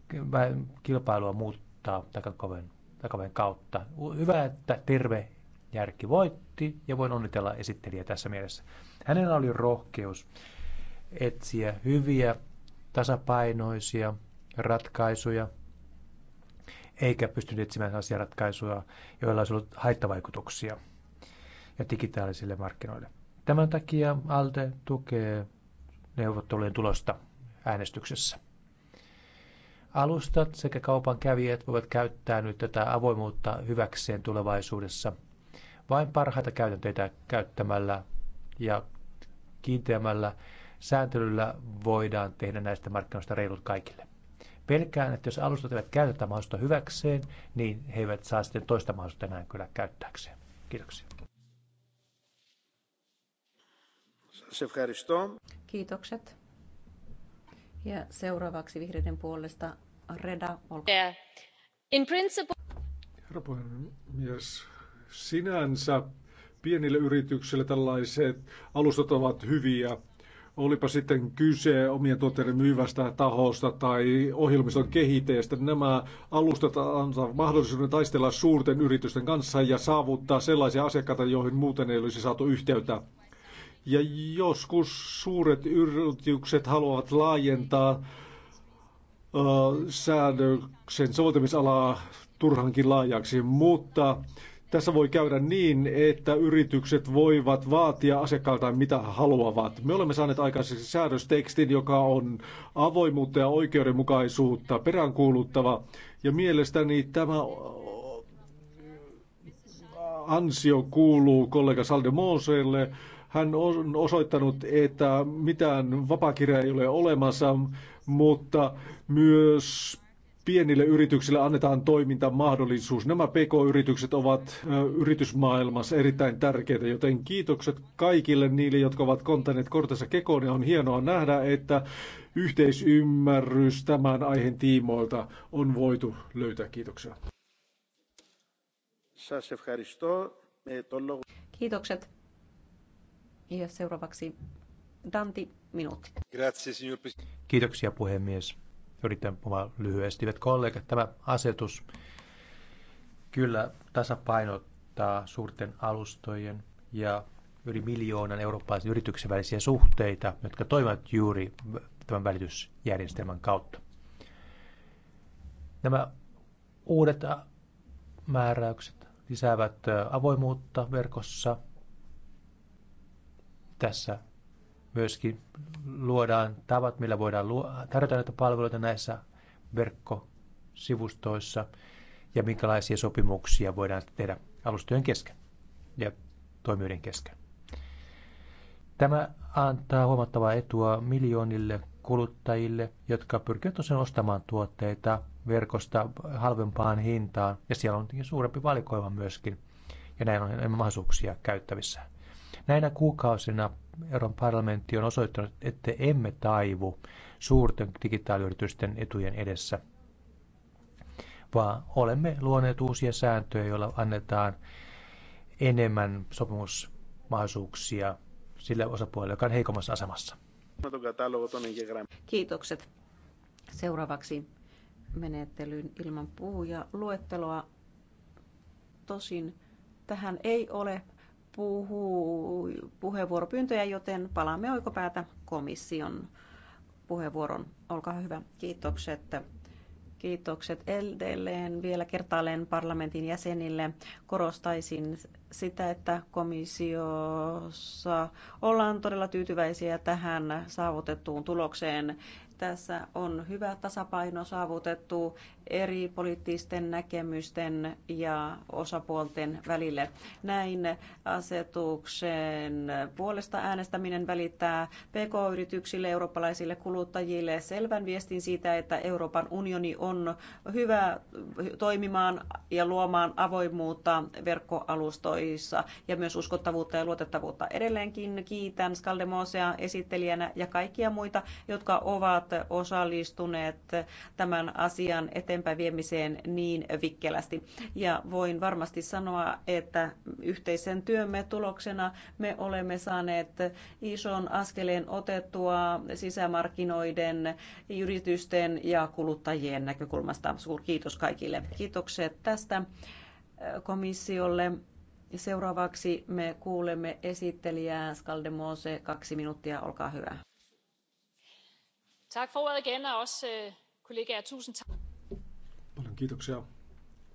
kilpailua muuttaa takakoven, takakoven kautta. Hyvä, että terve järki voitti ja voin onnitella esittelijä tässä mielessä. Hänellä oli rohkeus etsiä hyviä, tasapainoisia ratkaisuja, eikä pystynyt etsimään sellaisia ratkaisuja, joilla olisi ollut haittavaikutuksia ja digitaalisille markkinoille. Tämän takia ALDE tukee neuvottelujen tulosta äänestyksessä. Alustat sekä kaupan kävijät voivat käyttää nyt tätä avoimuutta hyväkseen tulevaisuudessa vain parhaita käytänteitä käyttämällä ja kiinteämällä sääntelyllä voidaan tehdä näistä markkinoista reilut kaikille. Pelkään, että jos alustat eivät käytä tätä mahdollisuutta hyväkseen, niin he eivät saa sitten toista mahdollisuutta enää kyllä käyttääkseen. Kiitoksia. Kiitokset. Ja seuraavaksi vihreiden puolesta Reda, olkaa. Yeah. In principle... Herra puhemies, sinänsä pienille yrityksille tällaiset alustat ovat hyviä, Olipa sitten kyse omien tuotteiden myyvästä tahosta tai ohjelmiston kehittäjästä, nämä alustat antavat mahdollisuuden taistella suurten yritysten kanssa ja saavuttaa sellaisia asiakkaita, joihin muuten ei olisi saatu yhteyttä. Ja joskus suuret yritykset haluavat laajentaa ö, säädöksen soveltamisalaa turhankin laajaksi, mutta tässä voi käydä niin, että yritykset voivat vaatia asiakkailtaan mitä haluavat. Me olemme saaneet aikaiseksi säädöstekstin, joka on avoimuutta ja oikeudenmukaisuutta peräänkuuluttava. Ja mielestäni tämä ansio kuuluu kollega Salde Moselle. Hän on osoittanut, että mitään vapakirjaa ei ole olemassa, mutta myös pienille yrityksille annetaan toimintamahdollisuus. Nämä PK-yritykset ovat yritysmaailmassa erittäin tärkeitä, joten kiitokset kaikille niille, jotka ovat kontaneet kortensa kekoon. Ja on hienoa nähdä, että yhteisymmärrys tämän aiheen tiimoilta on voitu löytää. Kiitoksia. Kiitokset. Ja seuraavaksi Danti, minuutti. Kiitoksia puhemies Yritän puhua lyhyesti. Hyvät kollegat, tämä asetus kyllä tasapainottaa suurten alustojen ja yli miljoonan eurooppalaisen yrityksen välisiä suhteita, jotka toimivat juuri tämän välitysjärjestelmän kautta. Nämä uudet määräykset lisäävät avoimuutta verkossa. Tässä myöskin luodaan tavat, millä voidaan tarjota näitä palveluita näissä verkkosivustoissa ja minkälaisia sopimuksia voidaan tehdä alustojen kesken ja toimijoiden kesken. Tämä antaa huomattavaa etua miljoonille kuluttajille, jotka pyrkivät tosiaan ostamaan tuotteita verkosta halvempaan hintaan, ja siellä on suurempi valikoima myöskin, ja näin on enemmän mahdollisuuksia käyttävissä. Näinä kuukausina Euroopan parlamentti on osoittanut, että emme taivu suurten digitaaliyritysten etujen edessä, vaan olemme luoneet uusia sääntöjä, joilla annetaan enemmän sopimusmahdollisuuksia sille osapuolelle, joka on heikommassa asemassa. Kiitokset. Seuraavaksi menettelyyn ilman puhuja luetteloa. Tosin tähän ei ole puhuu puheenvuoropyyntöjä, joten palaamme oikopäätä komission puheenvuoron. Olkaa hyvä. Kiitokset. Kiitokset edelleen vielä kertaalleen parlamentin jäsenille. Korostaisin sitä, että komissiossa ollaan todella tyytyväisiä tähän saavutettuun tulokseen. Tässä on hyvä tasapaino saavutettu eri poliittisten näkemysten ja osapuolten välille. Näin asetuksen puolesta äänestäminen välittää PK-yrityksille, eurooppalaisille kuluttajille selvän viestin siitä, että Euroopan unioni on hyvä toimimaan ja luomaan avoimuutta verkkoalustoissa ja myös uskottavuutta ja luotettavuutta. Edelleenkin kiitän Skaldemosea esittelijänä ja kaikkia muita, jotka ovat osallistuneet tämän asian eteen eteenpäin viemiseen niin vikkelästi. Ja voin varmasti sanoa, että yhteisen työmme tuloksena me olemme saaneet ison askeleen otettua sisämarkkinoiden, yritysten ja kuluttajien näkökulmasta. Suur kiitos kaikille. Kiitokset tästä komissiolle. Seuraavaksi me kuulemme esittelijää Skaldemose. Kaksi minuuttia, olkaa hyvä. Tak for ordet igen, og også øh, kollegaer, tusind tak. Paljon kiitoksia.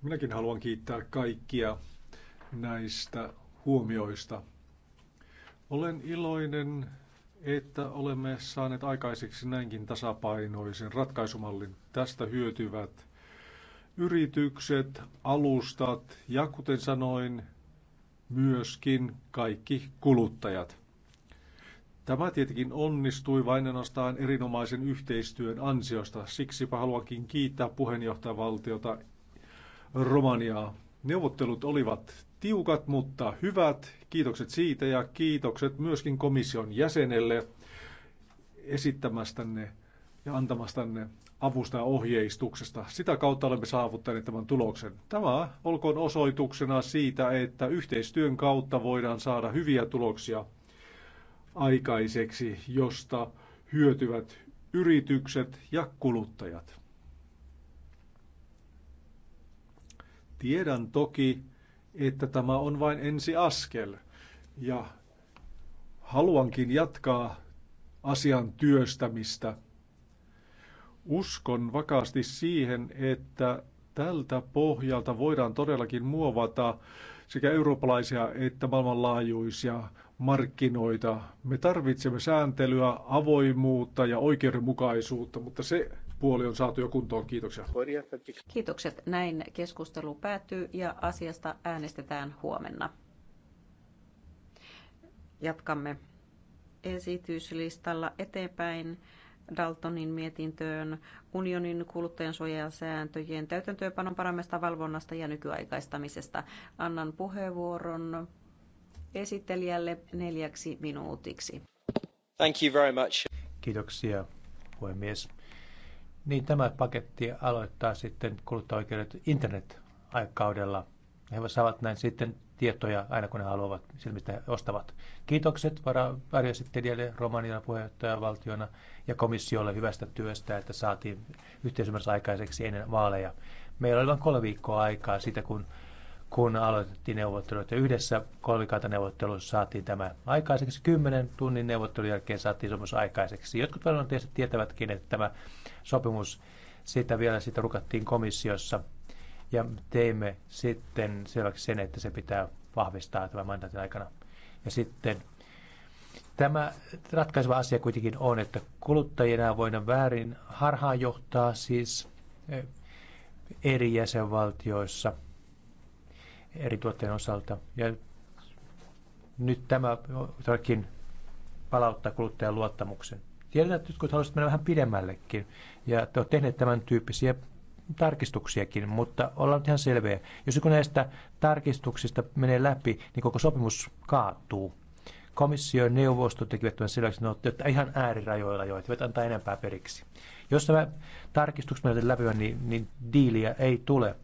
Minäkin haluan kiittää kaikkia näistä huomioista. Olen iloinen, että olemme saaneet aikaiseksi näinkin tasapainoisen ratkaisumallin. Tästä hyötyvät yritykset, alustat ja kuten sanoin, myöskin kaikki kuluttajat. Tämä tietenkin onnistui vain ainoastaan erinomaisen yhteistyön ansiosta. Siksipä haluankin kiittää puheenjohtajavaltiota Romaniaa. Neuvottelut olivat tiukat, mutta hyvät. Kiitokset siitä ja kiitokset myöskin komission jäsenelle esittämästänne ja antamastanne avusta ja ohjeistuksesta. Sitä kautta olemme saavuttaneet tämän tuloksen. Tämä olkoon osoituksena siitä, että yhteistyön kautta voidaan saada hyviä tuloksia aikaiseksi, josta hyötyvät yritykset ja kuluttajat. Tiedän toki, että tämä on vain ensi askel ja haluankin jatkaa asian työstämistä. Uskon vakaasti siihen, että tältä pohjalta voidaan todellakin muovata sekä eurooppalaisia että maailmanlaajuisia markkinoita. Me tarvitsemme sääntelyä, avoimuutta ja oikeudenmukaisuutta, mutta se puoli on saatu jo kuntoon. Kiitoksia. Kiitokset. Näin keskustelu päättyy ja asiasta äänestetään huomenna. Jatkamme esityslistalla eteenpäin. Daltonin mietintöön unionin kuluttajansuojasääntöjen täytäntöönpanon paremmasta valvonnasta ja nykyaikaistamisesta. Annan puheenvuoron esittelijälle neljäksi minuutiksi. Thank you very much. Kiitoksia, puhemies. Niin tämä paketti aloittaa sitten kuluttajaoikeudet internet-aikakaudella. He saavat näin sitten tietoja aina kun he haluavat, sillä mistä he ostavat. Kiitokset varjoesittelijälle, Romanian puheenjohtajan valtiona ja komissiolle hyvästä työstä, että saatiin yhteisymmärrys aikaiseksi ennen vaaleja. Meillä oli vain kolme viikkoa aikaa siitä, kun kun aloitettiin neuvottelut. Ja yhdessä kolmikata neuvottelussa saatiin tämä aikaiseksi. Kymmenen tunnin neuvottelun jälkeen saatiin sopimus aikaiseksi. Jotkut varmaan tietysti tietävätkin, että tämä sopimus, sitä vielä sitä rukattiin komissiossa. Ja teimme sitten selväksi sen, että se pitää vahvistaa tämän mandaatin aikana. Ja sitten tämä ratkaiseva asia kuitenkin on, että enää voidaan väärin harhaan johtaa siis eh, eri jäsenvaltioissa – eri tuotteiden osalta. Ja nyt tämä todellakin palauttaa kuluttajan luottamuksen. Tiedetään, että kun haluaisit mennä vähän pidemmällekin, ja te olette tehneet tämän tyyppisiä tarkistuksiakin, mutta ollaan nyt ihan selviä. Jos joku näistä tarkistuksista menee läpi, niin koko sopimus kaatuu. Komissio ja neuvosto tekivät tämän selväksi, että ne olivat ihan äärirajoilla jo, että antaa enempää periksi. Jos nämä tarkistukset menevät läpi, niin, niin diiliä ei tule.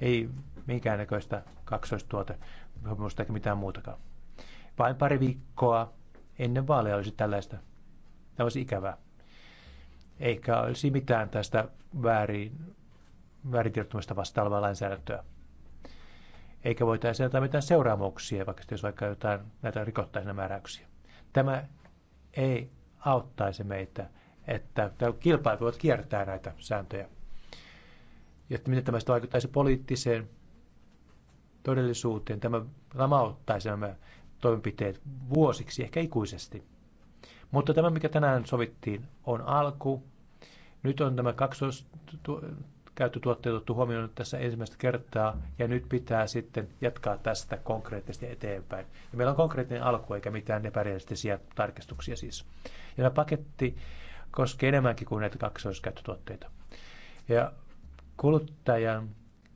Ei minkäännäköistä kaksoistuotesopimusta eikä mitään muutakaan. Vain pari viikkoa ennen vaaleja olisi tällaista. Tämä olisi ikävää. Eikä olisi mitään tästä väärin, väärintiedottomasta vastaavaa lainsäädäntöä. Eikä voitaisiin antaa mitään seuraamuksia, vaikka jos vaikka jotain näitä rikottaisiin määräyksiä. Tämä ei auttaisi meitä, että kilpailu voivat kiertää näitä sääntöjä. Ja että miten tämä vaikuttaisi poliittiseen todellisuuteen. Tämä lamauttaisi nämä toimenpiteet vuosiksi, ehkä ikuisesti. Mutta tämä, mikä tänään sovittiin, on alku. Nyt on tämä kaksoiskäyttötuotteet otettu huomioon tässä ensimmäistä kertaa, ja nyt pitää sitten jatkaa tästä konkreettisesti eteenpäin. Ja meillä on konkreettinen alku, eikä mitään epärealistisia tarkistuksia siis. Ja tämä paketti koskee enemmänkin kuin näitä kaksoiskäyttötuotteita. Ja kuluttajan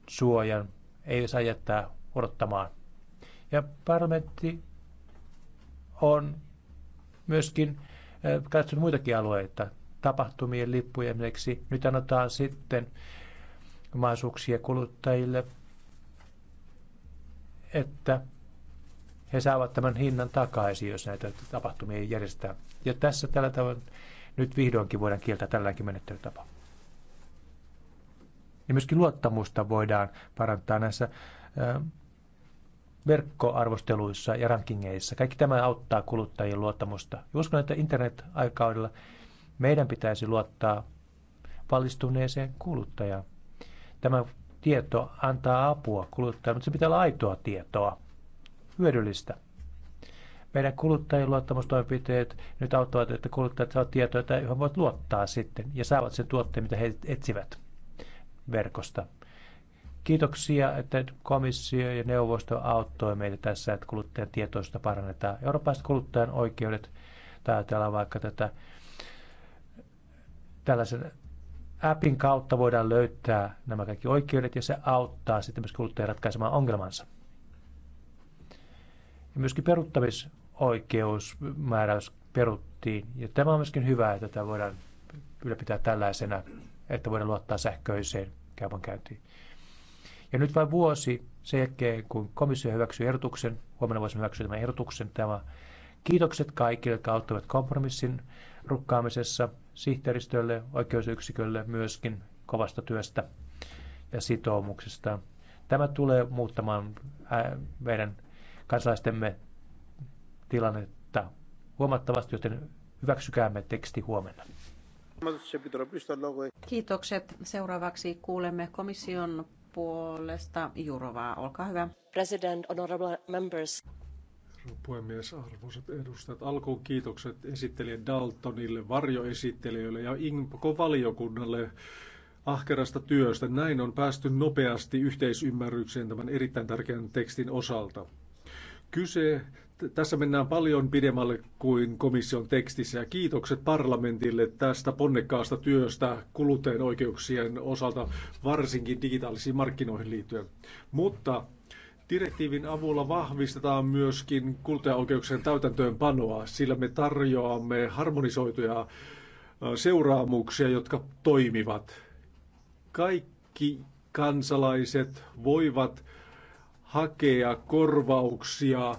suojan ei saa jättää odottamaan. Ja parlamentti on myöskin äh, katsonut muitakin alueita, tapahtumien lippujen Nyt annetaan sitten mahdollisuuksia kuluttajille, että he saavat tämän hinnan takaisin, jos näitä tapahtumia järjestää. Ja tässä tällä tavoin nyt vihdoinkin voidaan kieltää tälläkin menettelytapa. Ja myöskin luottamusta voidaan parantaa näissä äh, verkkoarvosteluissa ja rankingeissa. Kaikki tämä auttaa kuluttajien luottamusta. uskon, että internet-aikaudella meidän pitäisi luottaa valistuneeseen kuluttajaan. Tämä tieto antaa apua kuluttajalle, mutta se pitää olla aitoa tietoa, hyödyllistä. Meidän kuluttajien luottamustoimenpiteet nyt auttavat, että kuluttajat saavat tietoa, johon voit luottaa sitten ja saavat sen tuotteen, mitä he etsivät verkosta. Kiitoksia, että komissio ja neuvosto auttoi meitä tässä, että kuluttajan tietoista parannetaan. Euroopan kuluttajan oikeudet, täällä vaikka tätä tällaisen appin kautta voidaan löytää nämä kaikki oikeudet ja se auttaa sitten myös kuluttajia ratkaisemaan ongelmansa. Ja myöskin peruuttamisoikeusmääräys peruttiin ja tämä on myöskin hyvä, että tätä voidaan ylläpitää tällaisena, että voidaan luottaa sähköiseen kaupankäyntiin. Ja nyt vain vuosi sen jälkeen, kun komissio hyväksyi ehdotuksen, huomenna voisimme hyväksyä tämän ehdotuksen, tämä kiitokset kaikille, jotka auttavat kompromissin rukkaamisessa, sihteeristölle, oikeusyksikölle myöskin kovasta työstä ja sitoumuksesta. Tämä tulee muuttamaan meidän kansalaistemme tilannetta huomattavasti, joten hyväksykäämme teksti huomenna. Kiitokset. Seuraavaksi kuulemme komission puolesta Jurovaa, olkaa hyvä. President, honorable members. Herra puhemies, arvoisat edustajat, alkuun kiitokset esittelijä Daltonille, varjoesittelijöille ja Inkoko valiokunnalle ahkerasta työstä. Näin on päästy nopeasti yhteisymmärrykseen tämän erittäin tärkeän tekstin osalta. Kyse tässä mennään paljon pidemmälle kuin komission tekstissä. ja Kiitokset parlamentille tästä ponnekkaasta työstä kuluttajan oikeuksien osalta, varsinkin digitaalisiin markkinoihin liittyen. Mutta direktiivin avulla vahvistetaan myöskin kuluttajaoikeuksien täytäntöönpanoa, sillä me tarjoamme harmonisoituja seuraamuksia, jotka toimivat. Kaikki kansalaiset voivat hakea korvauksia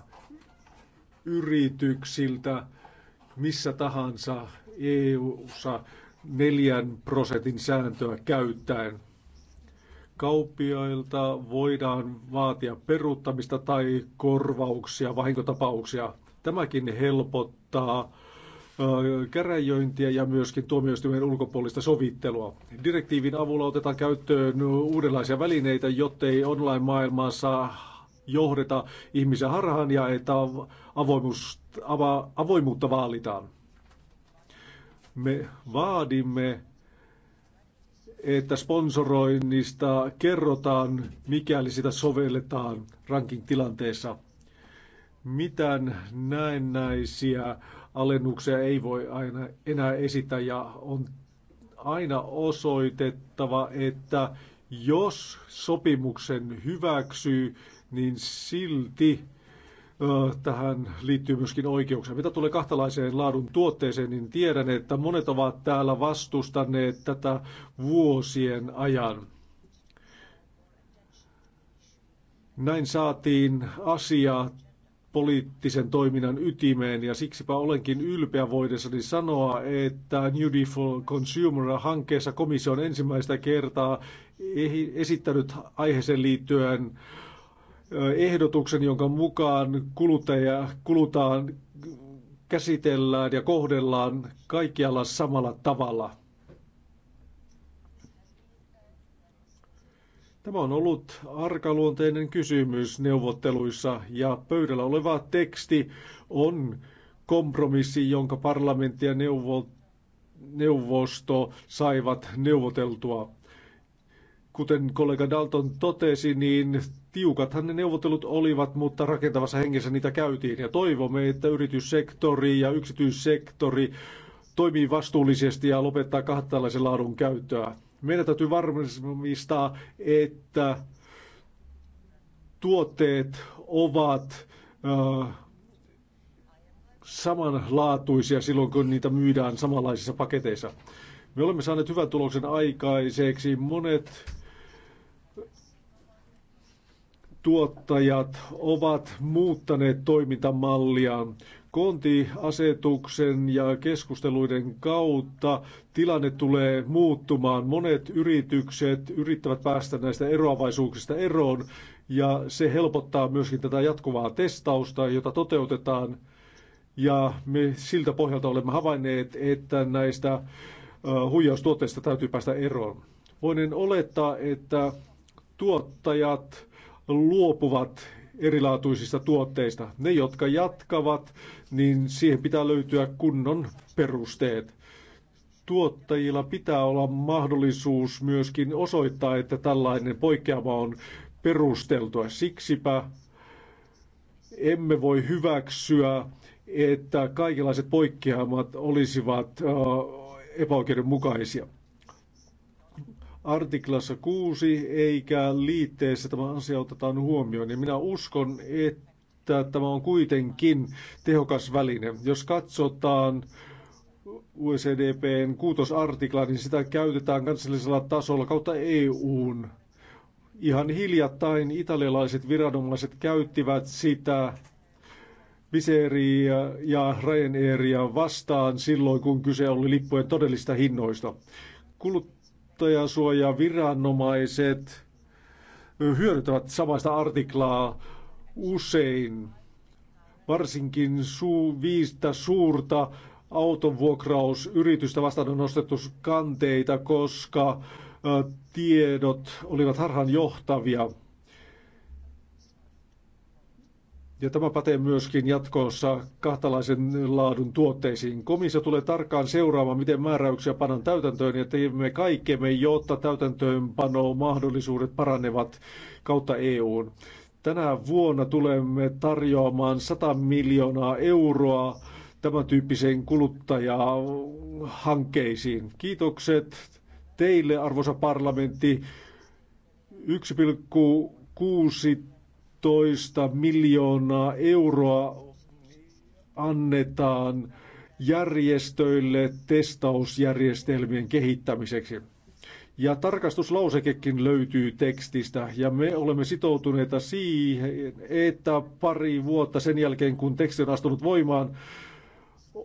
yrityksiltä missä tahansa EU-ssa neljän prosentin sääntöä käyttäen. kauppiailta voidaan vaatia peruuttamista tai korvauksia, vahinkotapauksia. Tämäkin helpottaa käräjöintiä ja myöskin tuomioistuimen ulkopuolista sovittelua. Direktiivin avulla otetaan käyttöön uudenlaisia välineitä, jottei online-maailmassa johdeta ihmisiä harhaan ja että avoimuus, ava, avoimuutta vaalitaan. Me vaadimme, että sponsoroinnista kerrotaan, mikäli sitä sovelletaan rankin tilanteessa Mitään näennäisiä alennuksia ei voi aina enää esittää ja on aina osoitettava, että jos sopimuksen hyväksyy, niin silti tähän liittyy myöskin oikeuksia. Mitä tulee kahtalaiseen laadun tuotteeseen, niin tiedän, että monet ovat täällä vastustaneet tätä vuosien ajan. Näin saatiin asia poliittisen toiminnan ytimeen ja siksipä olenkin ylpeä voidessani sanoa, että New Deal Consumer-hankkeessa komissio on ensimmäistä kertaa esittänyt aiheeseen liittyen ehdotuksen, jonka mukaan kuluttaja kulutaan, käsitellään ja kohdellaan kaikkialla samalla tavalla. Tämä on ollut arkaluonteinen kysymys neuvotteluissa ja pöydällä oleva teksti on kompromissi, jonka parlamentti ja neuvo, neuvosto saivat neuvoteltua. Kuten kollega Dalton totesi, niin tiukathan ne neuvottelut olivat, mutta rakentavassa hengessä niitä käytiin. Ja toivomme, että yrityssektori ja yksityissektori toimii vastuullisesti ja lopettaa kahtalaisen laadun käyttöä. Meidän täytyy varmistaa, että tuotteet ovat samanlaatuisia silloin, kun niitä myydään samanlaisissa paketeissa. Me olemme saaneet hyvän tuloksen aikaiseksi. Monet tuottajat ovat muuttaneet toimintamalliaan. Kontiasetuksen ja keskusteluiden kautta tilanne tulee muuttumaan. Monet yritykset yrittävät päästä näistä eroavaisuuksista eroon ja se helpottaa myöskin tätä jatkuvaa testausta, jota toteutetaan. Ja me siltä pohjalta olemme havainneet, että näistä huijaustuotteista täytyy päästä eroon. Voinen olettaa, että tuottajat luopuvat erilaatuisista tuotteista. Ne, jotka jatkavat, niin siihen pitää löytyä kunnon perusteet. Tuottajilla pitää olla mahdollisuus myöskin osoittaa, että tällainen poikkeama on perusteltua. Siksipä emme voi hyväksyä, että kaikenlaiset poikkeamat olisivat epäoikeudenmukaisia artiklassa 6 eikä liitteessä tämä asia otetaan huomioon. niin minä uskon, että tämä on kuitenkin tehokas väline. Jos katsotaan USDPn e kuutosartikla, niin sitä käytetään kansallisella tasolla kautta EUn. Ihan hiljattain italialaiset viranomaiset käyttivät sitä Viseria ja Ryanairia vastaan silloin, kun kyse oli lippujen todellista hinnoista. Kulut viranomaiset hyödyntävät samaista artiklaa usein, varsinkin suu viistä suurta autonvuokrausyritystä vastaan on nostettu kanteita, koska tiedot olivat harhaanjohtavia. johtavia. Ja tämä pätee myöskin jatkossa kahtalaisen laadun tuotteisiin. Komissio tulee tarkkaan seuraamaan, miten määräyksiä panan täytäntöön ja teemme kaikkemme, jotta täytäntöönpano mahdollisuudet paranevat kautta EUn. Tänä vuonna tulemme tarjoamaan 100 miljoonaa euroa tämän tyyppiseen kuluttajahankkeisiin. Kiitokset teille, arvoisa parlamentti. 1,6 15 miljoonaa euroa annetaan järjestöille testausjärjestelmien kehittämiseksi. Ja tarkastuslausekekin löytyy tekstistä, ja me olemme sitoutuneita siihen, että pari vuotta sen jälkeen, kun teksti on astunut voimaan,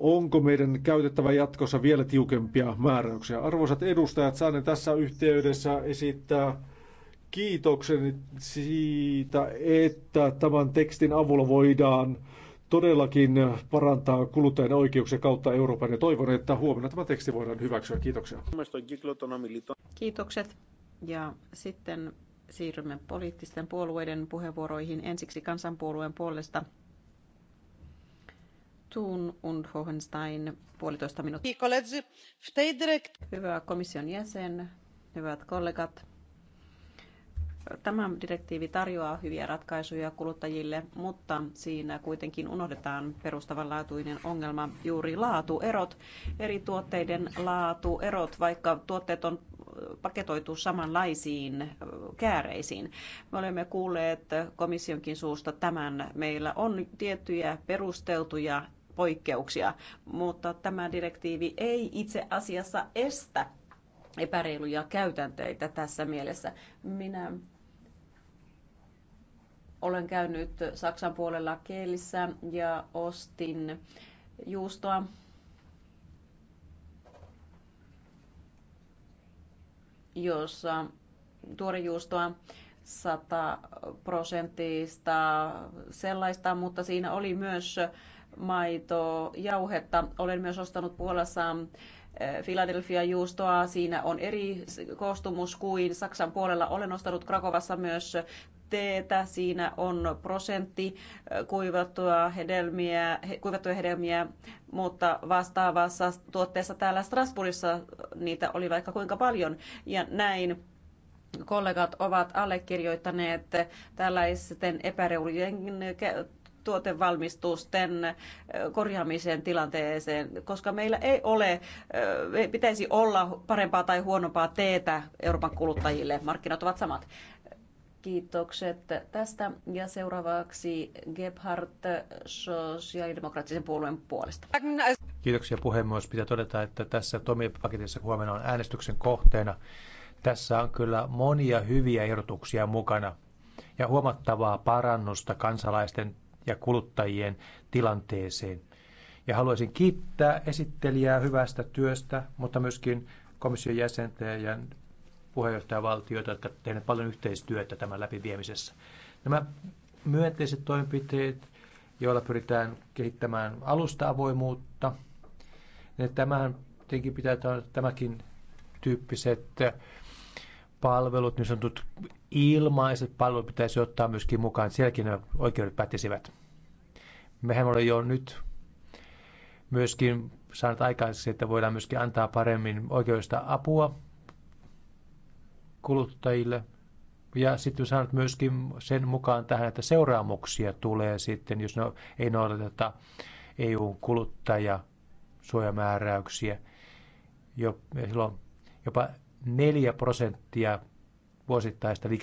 onko meidän käytettävä jatkossa vielä tiukempia määräyksiä. Arvoisat edustajat, saan tässä yhteydessä esittää kiitokseni siitä, että tämän tekstin avulla voidaan todellakin parantaa kuluttajan oikeuksia kautta Euroopan ja toivon, että huomenna tämä teksti voidaan hyväksyä. Kiitoksia. Kiitokset. Ja sitten siirrymme poliittisten puolueiden puheenvuoroihin. Ensiksi kansanpuolueen puolesta Tuun und Hohenstein puolitoista minuuttia. Hyvä komission jäsen, hyvät kollegat. Tämä direktiivi tarjoaa hyviä ratkaisuja kuluttajille, mutta siinä kuitenkin unohdetaan perustavanlaatuinen ongelma, juuri laatuerot, eri tuotteiden laatuerot, vaikka tuotteet on paketoitu samanlaisiin kääreisiin. Me olemme kuulleet komissionkin suusta tämän. Meillä on tiettyjä perusteltuja poikkeuksia, mutta tämä direktiivi ei itse asiassa estä epäreiluja käytänteitä tässä mielessä. Minä olen käynyt Saksan puolella Keelissä ja ostin juustoa. jossa tuorejuustoa 100 prosenttista sellaista, mutta siinä oli myös maito, jauhetta. Olen myös ostanut Puolassa eh, Philadelphia juustoa. Siinä on eri koostumus kuin Saksan puolella. Olen ostanut Krakovassa myös teetä, siinä on prosentti kuivattua hedelmiä, kuivattuja hedelmiä, mutta vastaavassa tuotteessa täällä Strasbourgissa niitä oli vaikka kuinka paljon. Ja näin kollegat ovat allekirjoittaneet tällaisten epäreilujen tuotevalmistusten korjaamiseen tilanteeseen, koska meillä ei ole, pitäisi olla parempaa tai huonompaa teetä Euroopan kuluttajille. Markkinat ovat samat. Kiitokset tästä. Ja seuraavaksi Gebhardt sosiaalidemokraattisen puolueen puolesta. Kiitoksia puhemies. Pitää todeta, että tässä Tomi-paketissa huomenna on äänestyksen kohteena. Tässä on kyllä monia hyviä ehdotuksia mukana ja huomattavaa parannusta kansalaisten ja kuluttajien tilanteeseen. Ja haluaisin kiittää esittelijää hyvästä työstä, mutta myöskin komission jäsentä ja puheenjohtajavaltioita, jotka ovat tehneet paljon yhteistyötä tämän läpiviemisessä. Nämä myönteiset toimenpiteet, joilla pyritään kehittämään alusta-avoimuutta, niin tämähän tietenkin pitää tämäkin tyyppiset palvelut, niin sanotut ilmaiset palvelut pitäisi ottaa myöskin mukaan. Sielläkin ne oikeudet pätisivät. Mehän olemme jo nyt myöskin saanut aikaiseksi, että voidaan myöskin antaa paremmin oikeudesta apua kuluttajille. Ja sitten sanot myöskin sen mukaan tähän, että seuraamuksia tulee sitten, jos ne ei noudateta EUn kuluttajasuojamääräyksiä. Jo, silloin jopa 4 prosenttia vuosittaista